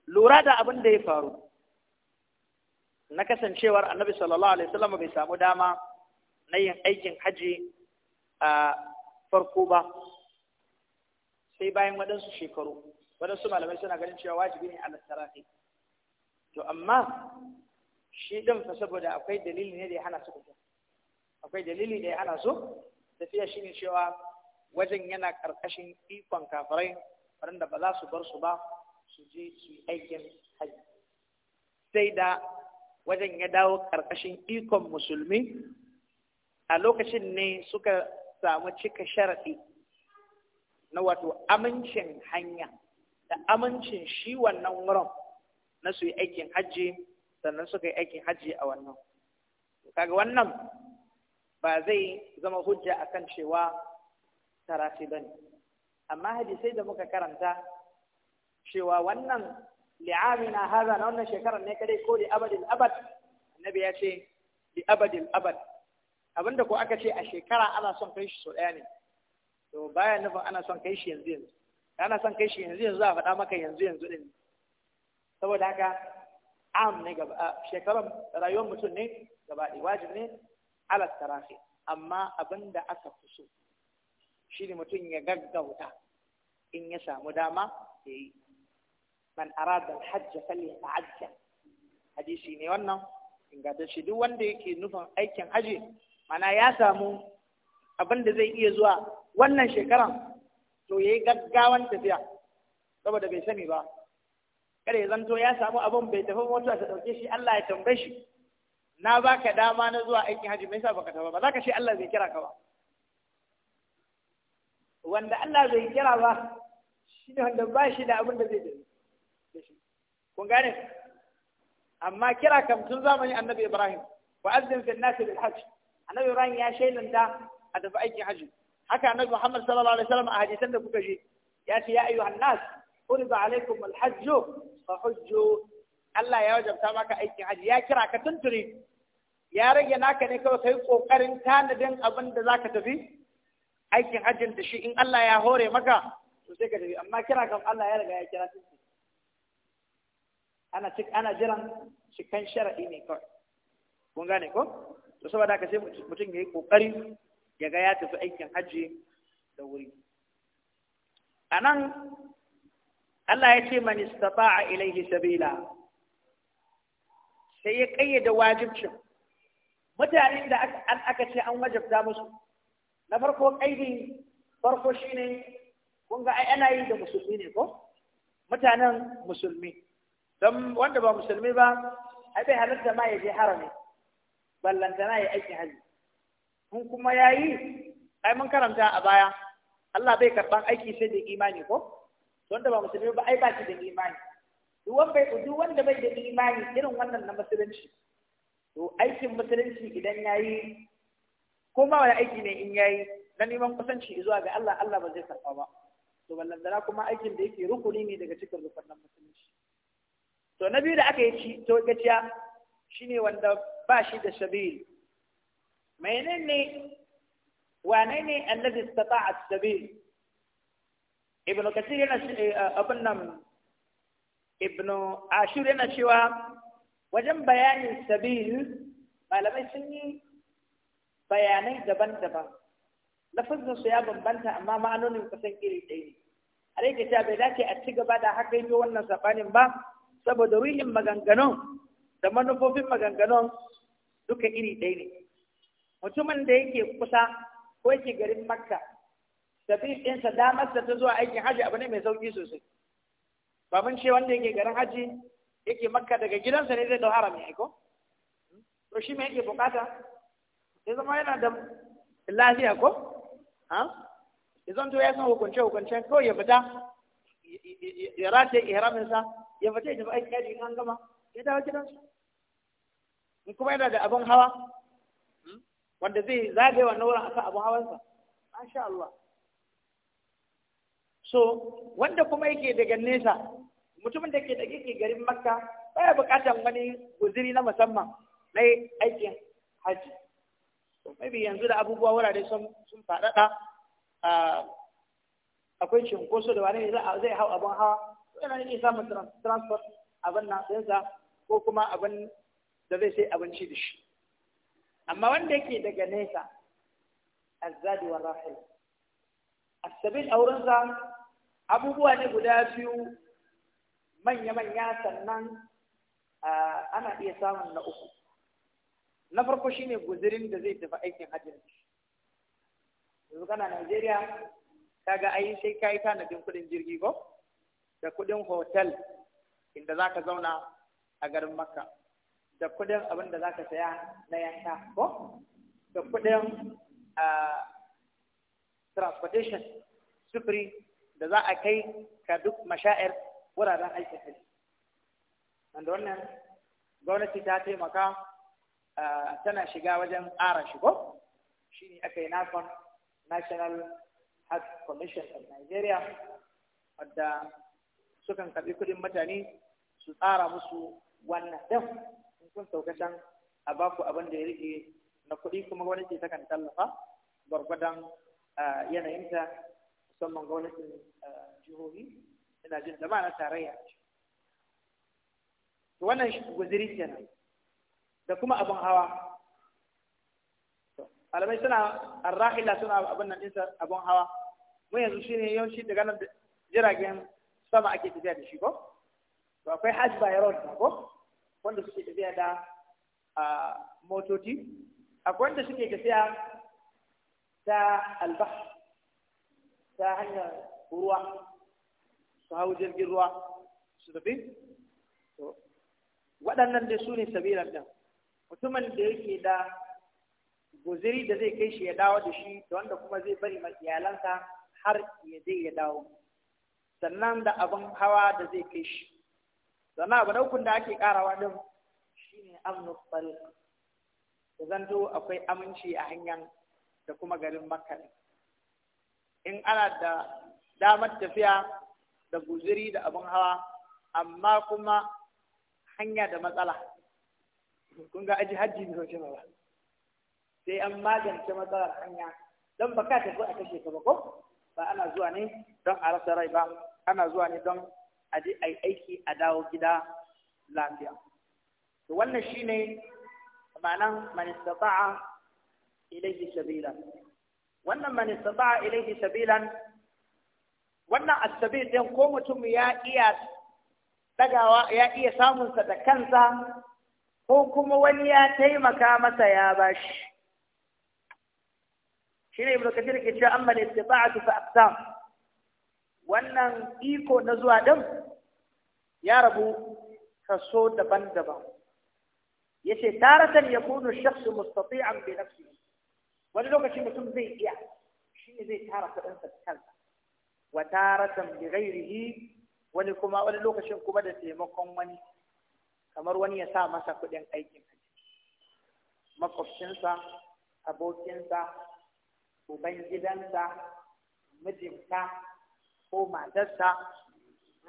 lura da abin da ya faru na kasancewar annabi sallallahu alaihi wasallam bai samu dama na yin aikin haji a farko ba sai bayan waɗansu shekaru waɗansu malamai suna ganin cewa wajibi ne ala sarafi to amma shi ɗin fa saboda akwai dalili ne da ya hana su tafiya akwai dalili da ya hana su tafiya shine cewa wajen yana ƙarƙashin ikon kafirai waɗanda ba za su bar su ba su je su yi aikin haji sai da wajen ya dawo ƙarƙashin ikon musulmi a lokacin ne suka samu cika sharaɗi na wato amincin hanya da amincin shi wannan wurin na su yi aikin hajji sannan suka yi aikin hajji a wannan kaga wannan ba zai zama hujja a kan cewa tarafi ne. amma hadisai da muka karanta cewa wannan na haza na wannan shekarar ne kadai ko li abadin abad annabi ya ce li abadil abad abinda ko aka ce a shekara ana son kai shi sau ɗaya ne to baya nufin ana son kai shi yanzu yanzu ana son kai shi yanzu yanzu a faɗa maka yanzu yanzu ɗin saboda haka am ne gaba shekaran rayuwar mutum ne gaba ɗaya wajib ne ala tarafi amma abinda aka fi so shi ne mutum ya gaggauta in ya samu dama ya yi man hajji alhajja a ta'ajjal hadisi ne wannan ingantacce duk wanda yake nufin aikin aji mana ya samu abin da zai iya zuwa wannan shekaran to ya yi gaggawan tafiya saboda bai sani ba kada ya zanto ya samu abin bai tafi mota ta ɗauke shi Allah ya tambaye shi na baka dama na zuwa aikin haji mai sa baka tafi ba za ka ce Allah bai kira ka ba wanda Allah bai kira ba shi ne wanda ba shi da abin da zai da shi kun gane amma kira kam tun zamanin annabi Ibrahim wa azzin fil nas bil hajj annabi Ibrahim ya shaidanta a tafi aikin hajji haka annabi Muhammad sallallahu alaihi wasallam a hadisan da kuka ji ya ce ya annas nas ba alaikum alhajj fa hujju Allah ya wajabta maka aikin hajji ya kira ka tunturi ya rage naka ne kawai kai kokarin tanadin abin da zaka tafi aikin hajjin da shi in Allah ya hore maka to sai ka tafi amma kira kam Allah ya riga ya kira tunture ana cik ana jiran cikan shar'i ne kawai kun gane ko to saboda haka sai mutum ya yi kokari ya ga ya tafi aikin hajji da wuri a nan Allah ya ce man istata'a ilaihi sabila sai ya kayyade wajibcin Mutane da aka ce an wajabta musu na farko kaidi farko shine kun ga ai ana yi da musulmi ne ko mutanen musulmi don wanda ba musulmi ba ai bai halatta ma ya je harami ballantana ya aiki haji Mun kuma ya yi ai mun karanta a baya Allah bai karɓan aiki sai da imani ko wanda ba musulmi ba ai ba shi da imani duk wanda bai duk wanda bai da imani irin wannan na musulunci to aikin musulunci idan yayi ko ma wani aiki ne in yayi na neman kusanci zuwa ga Allah Allah ba zai karba ba to ballantana kuma aikin da yake rukuni ne daga cikin rukunin musulunci to na biyu da aka yi to gaciya shine wanda ba shi da shabil menene wane ne allazi a shabil ibnu kathir yana eh, eh, abin nan ibnu ashur yana cewa wajen bayanin sabil malamai sun yi bayanai daban-daban lafazin ya bambanta amma ma'anonin kusan iri ɗaya a rage ta bai dace a ci gaba da haka yi wannan sabanin ba saboda ruhin maganganun da manufofin maganganun duka iri ɗaya ne mutumin da yake kusa ko yake garin makka tafi ɗinsa damarsa ta zuwa aikin hajji abu ne mai sauƙi sosai ba mun ce wanda yake garin hajji yake makka daga gidansa ne zai dau harami aiko to shi me yake buƙata ya zama yana da lafiya ko ha ya zanto ya san hukunce hukunce kawai ya fita ya rataye ihraminsa ya fita ya tafi aikin hajji an gama ya dawo gidansa in kuma yana da abin hawa wanda zai zagaye wannan wurin akan abin hawansa masha Allah so wanda kuma yake daga nesa mutumin da ke daga ke garin makka baya bukatan wani guziri na musamman na aikin haji maybe yanzu da abubuwa wurare sun sun faɗaɗa akwai cinkoso da wani zai hau abin hawa yana ne samun transport abin na ko kuma abin da zai sai abinci da shi amma wanda yake daga nesa azzadi wa rahil asabin aurensa abubuwa ne guda biyu manya-manya sannan ana iya samun na uku na farko shine guzirin da zai tafi aikin hajjin yanzu kana Najeriya kaga ayi sai ka yi tanadin kudin jirgi ko da kudin hotel inda za ka zauna a garin Makka da kudin abin da ka saya na yanka ko da kudin transportation sufuri da za a kai ka duk mashayar wuraren aikin hajji wanda wannan gwamnati ta taimaka tana shiga wajen tsara shigo shi ne aka yi nakon national health commission of nigeria wadda sukan karɓi kudin mutane su tsara musu wannan din kun sauka can a ku abin da ya rike na kuɗi kuma ce ta kan tallafa gwargwadon yanayinta musamman gwamnatin jihohi ina jin da na tarayya to wannan guziri kenan da kuma abin hawa alamai suna arrahila suna abin nan ɗinsa abin hawa mun yanzu shi ne yawanci daga nan jiragen sama ake tafiya da shi ko to akwai hajj by road ko wanda suke tafiya da motoci akwai wanda suke tafiya ta alba ta hanyar ruwa su hau jirgin ruwa su tafi waɗannan dai su ne sabiran mutumin da yake da guziri da zai kai shi ya dawo da shi da wanda kuma zai bari ma iyalansa har ya ya dawo sannan da abin hawa da zai kai shi sannan abu na ukun da ake karawa din shine amnu tariq da zanto akwai aminci a hanyar da kuma garin makka in ana da damar tafiya da guziri da abin hawa amma kuma hanya da matsala kun ga aji hajji ne hoce ba sai an magance matsalar hanya don ba ka tafi a kashe ka ba ko ba ana zuwa ne don a rasa rai ba ana zuwa ne don a ai yi aiki a dawo gida lafiya to wannan shine ma'anan man istata'a ilayhi sabila wannan man istata'a ilayhi sabilan wannan asabil din ko mutum ya iya dagawa ya iya samunsa da kansa ko kuma wani ya taimaka masa ya bashi shine ibnu kathir ke cewa amma al-istita'atu fa aqsam wannan iko na zuwa ɗin ya rabu kaso daban-daban ya ce taratan ya kunu shafi mustafi an bai nafi wani lokaci mutum zai iya shi ne zai tara kuɗin da kansa wa taratan bi ghairihi wani kuma wani lokacin kuma da taimakon wani kamar wani ya sa masa kuɗin aikin makwabcinsa abokinsa gidansa, mijinta ko matarsa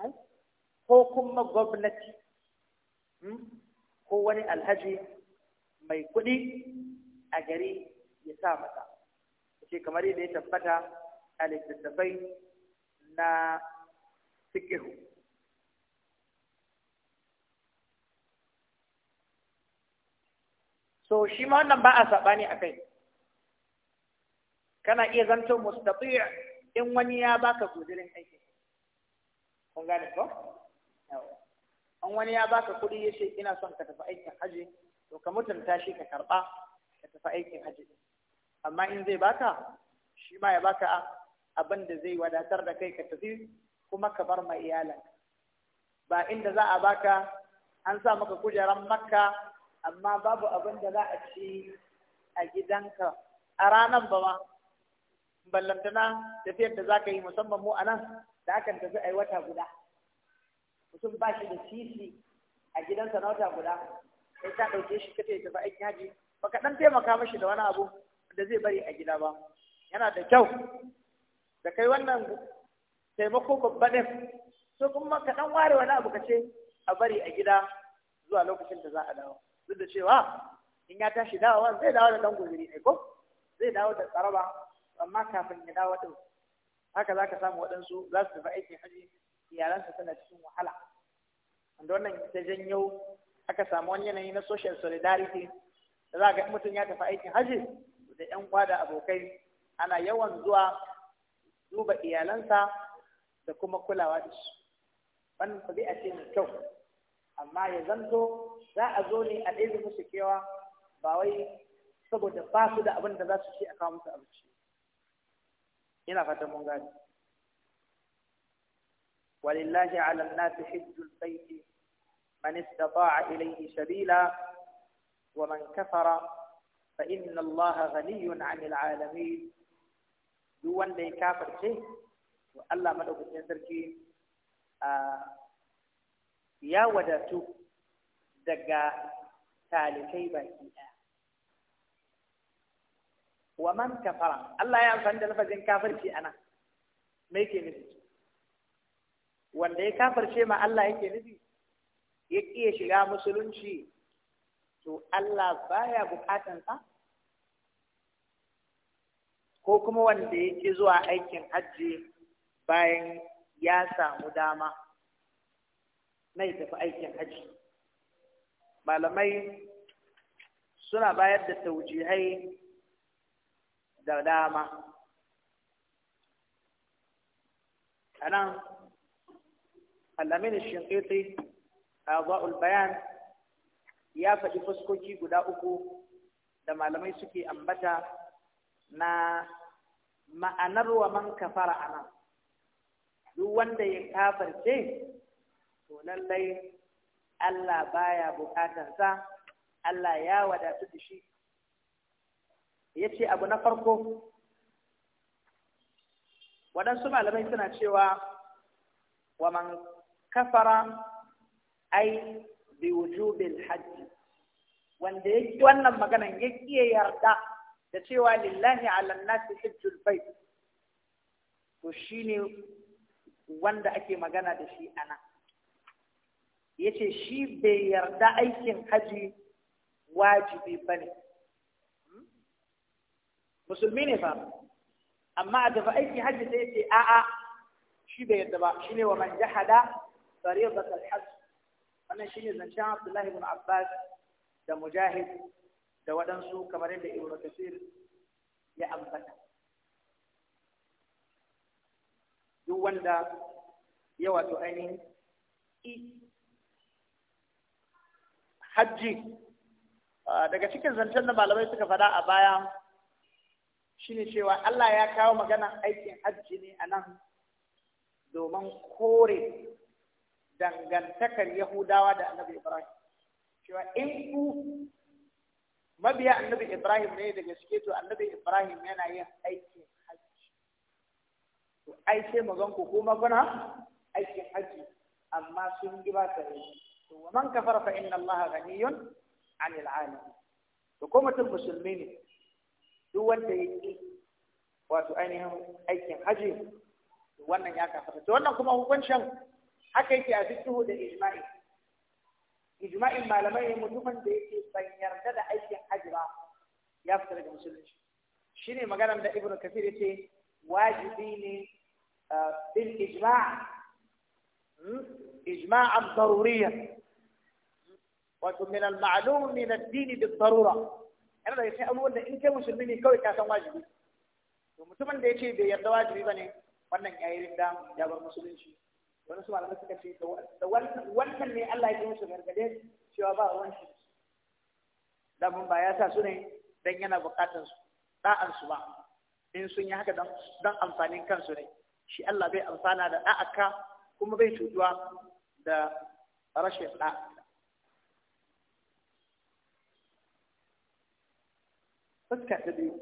hmm, ko kuma gwamnati hmm, ko wani alhaji mai kuɗi a gari ya sa mata ce kamar yadda ya tabbata a littattafai na fikihu so shi ma wannan ba a saɓani a kai kana iya zanto mustafi' in wani ya baka guzurin aikin kun gane ko an wani ya baka kuɗi ya ce ina son ka tafi aikin haji to ka mutunta shi ka karɓa ka tafi aikin haji amma in zai baka shi ma ya baka abin da zai wadatar da kai ka tafi kuma ka bar ma iyalan ba inda za a baka an sa maka kujeran makka amma babu abin da za a ci a gidanka a ranar ba ma ballantana tafiyar da za ka yi musamman mu a nan da aka tafi a yi wata guda mutum ba shi da titi a gidansa na wata guda sai ta ɗauke shi kace tafi aikin haji ba ka ɗan taimaka mashi da wani abu da zai bari a gida ba yana da kyau da kai wannan taimako babba ɗin so kuma ka ɗan ware wani abu ka ce a bari a gida zuwa lokacin da za a dawo duk da cewa in ya tashi dawowa zai dawo da ɗan guziri ne ko zai dawo da tsaraba amma kafin ya dawo din haka za ka samu waɗansu za su tafi aikin haji iyalansa tana cikin wahala wanda wannan ta janyo aka samu wani yanayi na social solidarity da za ga mutum ya tafi aikin haji da yan kwada abokai ana yawan zuwa duba iyalansa da kuma kulawa da su wannan a ce mai kyau amma ya zanto za a zo ne a ɗaya musu kewa ba wai saboda ba su da abin da za su ci a kawo musu abinci ina fatan mun gane walillahi ala an-nasi hajjul man istata'a ilayhi sabila wa man kafara fa inna allaha ghaniyyun 'anil 'alamin duk wanda ya kafirce to Allah madaukakin sarki ya wadatu daga talikai baki ɗaya wa man kafara Allah ya amfani da lafazin kafirci ana me yake nufi wanda ya kafirce ma Allah yake nufi ya kiye shiga musulunci to Allah baya bukatan sa ko kuma wanda ya ki zuwa aikin hajji bayan ya samu dama na tafi aikin hajji malamai suna bayar da taujihai da dama anan alamin shinkiti a bayan ya faɗi fuskoki guda uku da malamai suke ambata na ma'anar wa man kafara anan duk wanda ya kafarce to lallai Allah baya bukatansa Allah ya wadatu da shi ya ce abu na farko waɗansu malamai suna cewa wa man kafara ai bi wujubil hajji wanda ya wannan maganan ya yarda da cewa lillahi ala nasi hajjul bait to shi ne wanda ake magana da shi ana Ya ce shi bai yarda aikin hajji wajibi ba ne. musulmi ne fa amma a tafi aiki hajji sai ce a'a shi bai yadda ba shi ne wa man jahada fariidat al-hajj wannan zan zancen Abdullahi ibn Abbas da Mujahid da waɗansu kamar yadda Ibn Kathir ya ambata duk wanda ya wato ainihin hajji daga cikin zancen da malamai suka faɗa a baya shine cewa Allah ya kawo maganar aikin hajji ne a nan domin kore dangantakar Yahudawa da Annabi Ibrahim. Cewa in ku mabiya Annabi Ibrahim ne da gaske to Annabi Ibrahim yana yin aikin hajji. To ai sai mu gan ku kuma kuna aikin hajji amma sun ta yi. To wa man kafara fa inna Allah ghaniyun 'anil 'alamin. To ko mutum musulmi ne duk wanda ya ƙi wato ainihin aikin haji wannan ya kafa to wannan kuma hukuncin haka yake a fiqhu da ijma'i ijma'in malamai mutumin da yake ban yarda da aikin haji ba ya fita daga musulunci shine maganar da ibnu kafir yace wajibi ne bil ijma' ijma'an daruriyan wato min al-ma'lum min ad-din bil darura yana da sai abubuwan da in kai musulmi ne kawai ka san wajibi to mutumin da yace bai yarda wajibi bane wannan yayi rinda ya bar musulunci wani su malamai suka ce da wannan ne Allah ya yi musu gargade cewa ba ruwan shi mun ba ya sa su ne dan yana bukatar su da'an su ba in sun yi haka dan amfanin kansu ne shi Allah bai amfana da da'aka kuma bai cutuwa da rashin da'a fuska ta biyu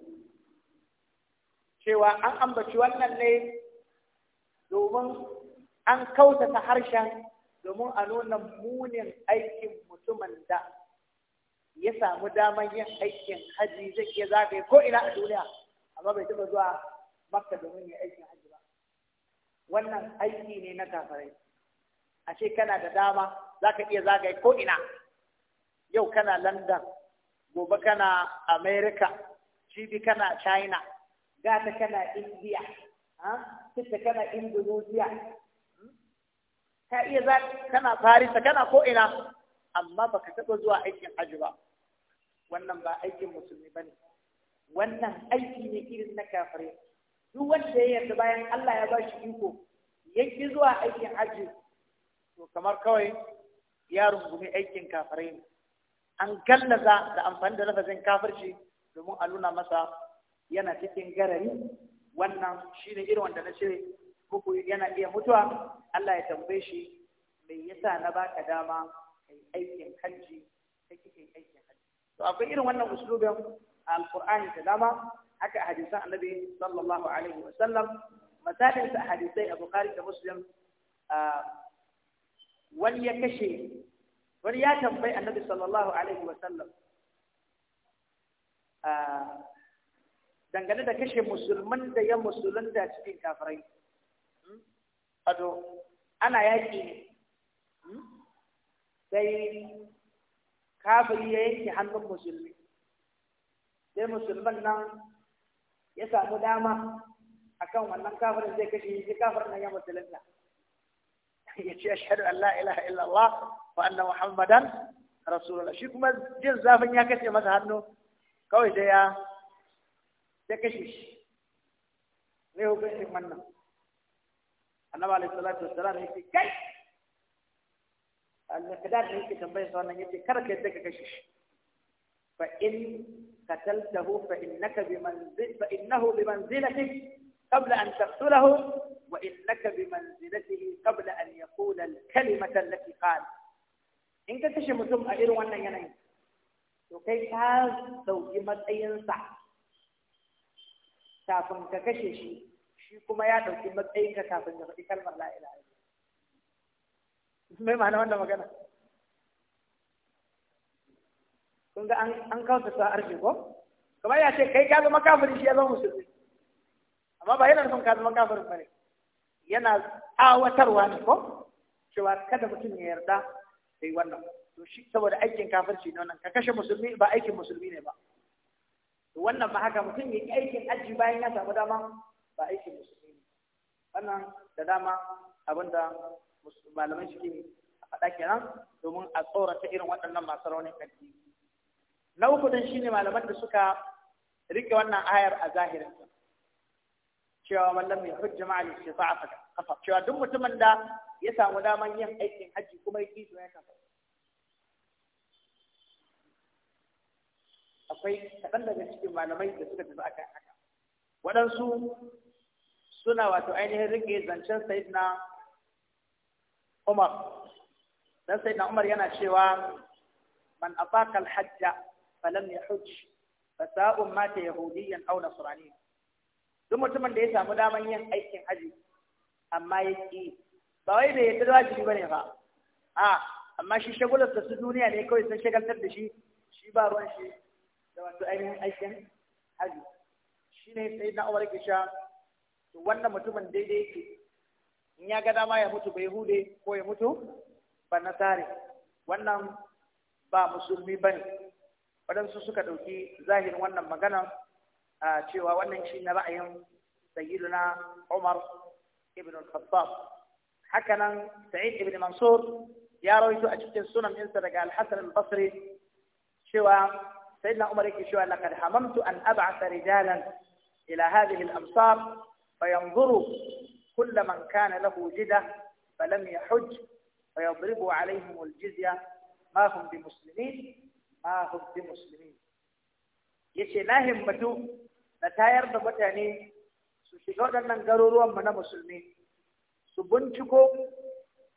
cewa an ambaci wannan ne domin an kautata harshen domin a nuna munin aikin mutumin da ya samu damar yin aikin haji zai iya zagaye ko ina a duniya amma bai taba zuwa makka domin ya aikin haji ba wannan aiki ne na kafarai ashe kana da dama za ka iya zagaye ko ina yau kana london gobe kana america bi kana china gata kana india fita kana indonesia ka iya za kana farisa kana ko ina amma baka taɓa zuwa aikin hajji ba wannan ba aikin musulmi ba ne wannan aiki ne irin na kafare duk wanda ya yarda bayan Allah ya bashi iko yanki zuwa aikin hajji to kamar kawai ya rungumi aikin kafare ne an gallaza da amfani da lafazin kafirci domin a nuna masa yana cikin garari wannan shine irin wanda na ce muku yana iya mutuwa Allah ya tambaye shi me yasa na baka dama kai aikin hajji kai kike aikin hajji to akwai irin wannan uslubin alqur'ani da dama haka hadisan annabi sallallahu alaihi wa sallam misalin sa hadisai a bukhari da muslim ah, wani ya kashe wani ya tambayi annabi sallallahu alaihi wa sallam ah, dangane da kashe musulman da ya musulunta cikin kafirai hmm, ado ana yaƙi ne hmm, sai kafiri ya yanke hannun musulmi sai musulman nan ya samu dama akan wannan kafirin zai kashe shi kafirin nan ya musulunta يجي أن لا إله إلا الله وأن محمدا رسول الله شوف ما جل زافني كتير ما زهنو كوي ده تكشيش ليه بس منا أنا بالي صلاة صلاة هيك كي الكدار هيك تنبه صلاة هيك كرك تكشيش فإن قتلته فإنك بمنزل فإنه بمنزلتك قبل أن تقتله وإنك بمنزلته قبل أن يقول الكلمة التي قال إنك تشمتم أئر وانا ينين وكيف هذا سوكي أي صح كافن ككششي شيكو ما يعدو كي مدعي ككافن يغطي كلمة لا إله إلا ما معنى وانا مكانا kun ga an kawo ta sa arziki ko kuma ya ce kai ka zama kafirin amma ba yana nufin ka zama kafirin bane yana tsawatarwa ne ko cewa kada mutum ya yarda da yi wannan to shi saboda aikin kafirci ne wannan ka kashe musulmi ba aikin musulmi ne ba to wannan ba haka mutum ya yi aikin aji bayan ya samu dama ba aikin musulmi ne wannan da dama abinda malaman shi a faɗa kenan domin a tsorata irin waɗannan masu raunin addini na uku shi shine malaman da suka rike wannan ayar a zahirinsa cewa wannan mai hujja ma al-istita'a fa kafa cewa duk mutumin da ya samu daman yin aikin haji kuma ya kiso ya kafa akwai kaɗan daga cikin malamai da suka tafi akan haka waɗansu suna wato ainihin rike zancen sayidina umar dan sayidina umar yana cewa man afaka al-hajja falam yahuj fasa'un mata yahudiyan aw nasraniyan duk mutumin da ya samu daman yin aikin haji amma ya ƙi ba wai bai yadda wajibi bane ba a amma shi shagularsa su duniya ne kawai sun shagaltar da shi shi ba ruwan shi da wato ainihin aikin haji shi ne sai na awar kisha to wannan mutumin daidai yake in ya ga dama ya mutu bai hude ko ya mutu ba na tsari. wannan ba musulmi ba ne. waɗansu suka ɗauki zahirin wannan magana cewa wannan shi na ra'ayin sayyiduna Umar ibn al-Khattab hakanan Sa'id ibn Mansur ya rawaito a cikin sunan ɗinsa daga Al-Hasan al-Basri cewa sayyidina Umar yake cewa laqad hamamtu an ab'atha rijalan ila hadhihi al-amsar fayanzuru kull man kana lahu jida falam yahujj فيضربوا عليهم الجزية ما هم بمسلمين ما هم بمسلمين yace na himmatu Da tayar da mutane su shiga waɗannan garuruwan mu na musulmi su binciko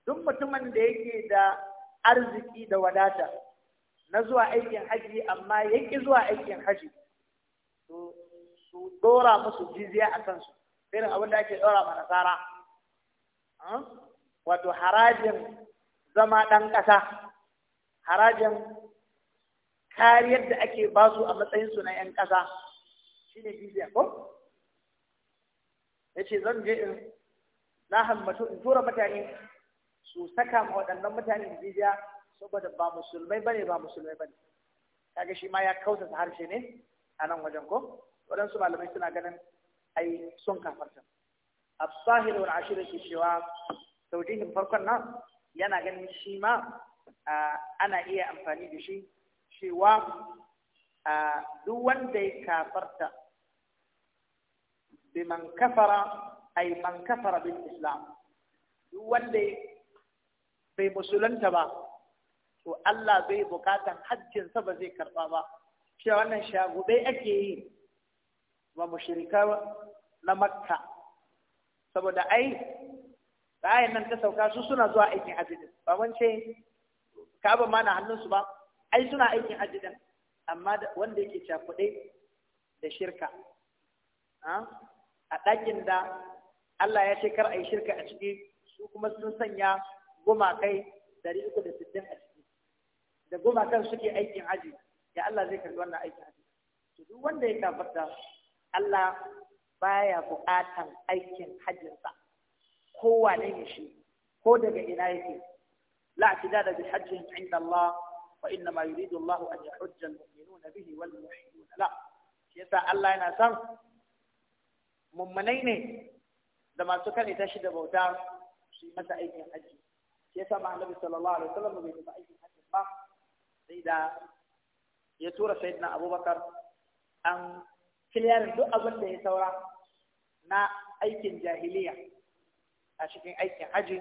duk mutumin da yake da arziki da wadata na zuwa aikin haji amma yake zuwa aikin haji to su dora musu jizya a kansu irin abin da ake dora nasara ah? wato harajin zama ɗan ƙasa harajin kariyar da ake basu a matsayinsu na 'yan ƙasa shine bibiya ko yace zan je in na in tura mutane su saka ma waɗannan mutane bibiya saboda ba musulmai bane ba musulmai bane kaga shi ma ya kautata harshe ne a nan wajen ko waɗansu malamai suna ganin ai sun kafarta absahir wal ashir ke cewa taujihin farkon nan yana ganin shi ma ana iya amfani da shi cewa duk wanda ya kafarta biman kafara ay man kafara bil islam duk wanda bai musulunta ba to Allah bai bukatan hajjin sa ba zai karba ba cewa wannan shago bai ake yi wa mushrika na makka saboda ai ayan nan ta sauka su suna zuwa aikin hajji ba wance kaba mana hannun su ba ai suna aikin hajji amma wanda yake cakuɗe da shirka a ɗakin da Allah ya ce kar a yi shirka a ciki su kuma sun sanya gumakai dari uku da sittin a ciki da gumakan suke aikin aji, ya Allah zai karbi wannan aikin aji. to duk wanda ya kafarta Allah baya buƙatar aikin hajjinsa ko wane ne shi ko daga ina yake la atidada bi hajjin inda Allah wa inna ma yuridu Allah an yahujja al-mu'minuna bihi wal muhsinuna la yasa Allah yana son mummunai ne da masu kane tashi da bauta su yi masa aikin haji shi yasa ma annabi sallallahu alaihi wasallam bai tafi aikin haji ba sai da ya tura sayyidina abubakar an kiliyar duk abin da ya saura na aikin jahiliya a cikin aikin haji.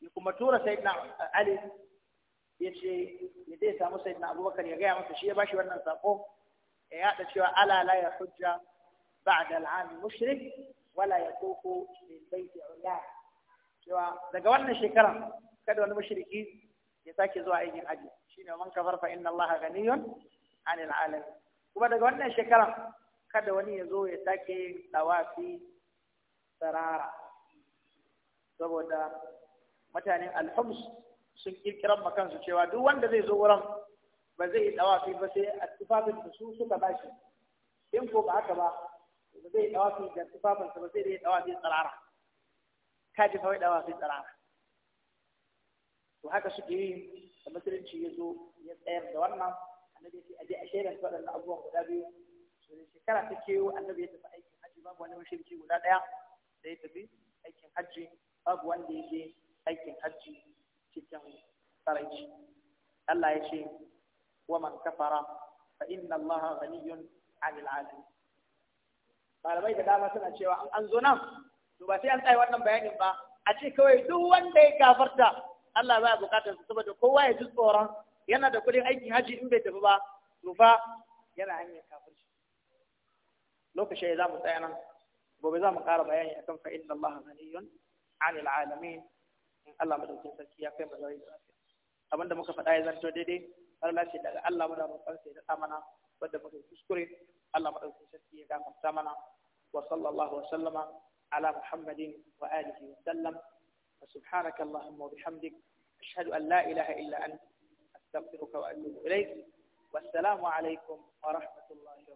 ya kuma tura sayyidina ali ya ce ya dai samu sayyidina abubakar ya gaya masa shi ya bashi wannan sako ya yada cewa ala la ya hujja بعد العام mushrik wala ya min baiti ula cewa daga wannan shekaran kada wani mushriki ya sake zuwa aikin aji shine man kafar fa inna allaha ghaniyun anil alamin kuma daga wannan shekaran kada wani ya zo ya sake tawafi sarara saboda mutanen alhums sun kirkiran kansu cewa duk wanda zai zo wurin ba zai yi tawafi ba sai a tufafin da su suka bashi in ko ba haka ba ba zai dawafi da tufafinsa ba sai dai dawafi tsirara ka ji kawai dawafi tsirara to haka suke yi da musulunci ya zo ya tsayar da wannan annabi ya ce aje a shaidar su waɗannan abubuwan guda biyu to da shekara ta kewo annabi ya tafi aikin hajji babu wani mashirki guda ɗaya da ya tafi aikin hajji babu wanda ya je aikin hajji cikin tsaraici Allah ya ce wa man kafara fa inna Allah ghaniyun 'anil 'alamin malamai da dama suna cewa an zo nan to ba sai an tsaya wannan bayanin ba a ce kawai duk wanda ya gafarta Allah ya bukatar su saboda kowa ya ji tsoron yana da kudin aikin haji in bai tafi ba to fa yana hanyar kafirci lokacin ya zamu tsaya nan gobe za mu ƙara bayani akan fa inna Allah ghaniyun 'anil 'alamin in Allah madaukin sarki ya kai mu da abinda muka faɗa ya zanto daidai har lafiya daga Allah muna roƙon sai da amana wadda muka yi kuskure Allah madaukakin sarki ya gafarta mana wa sallallahu wa sallama ala muhammadin wa alihi wa sallam wa subhanaka allahumma wa bihamdik ashhadu an la ilaha illa anta astaghfiruka wa atubu ilaik wassalamu alaikum wa rahmatullahi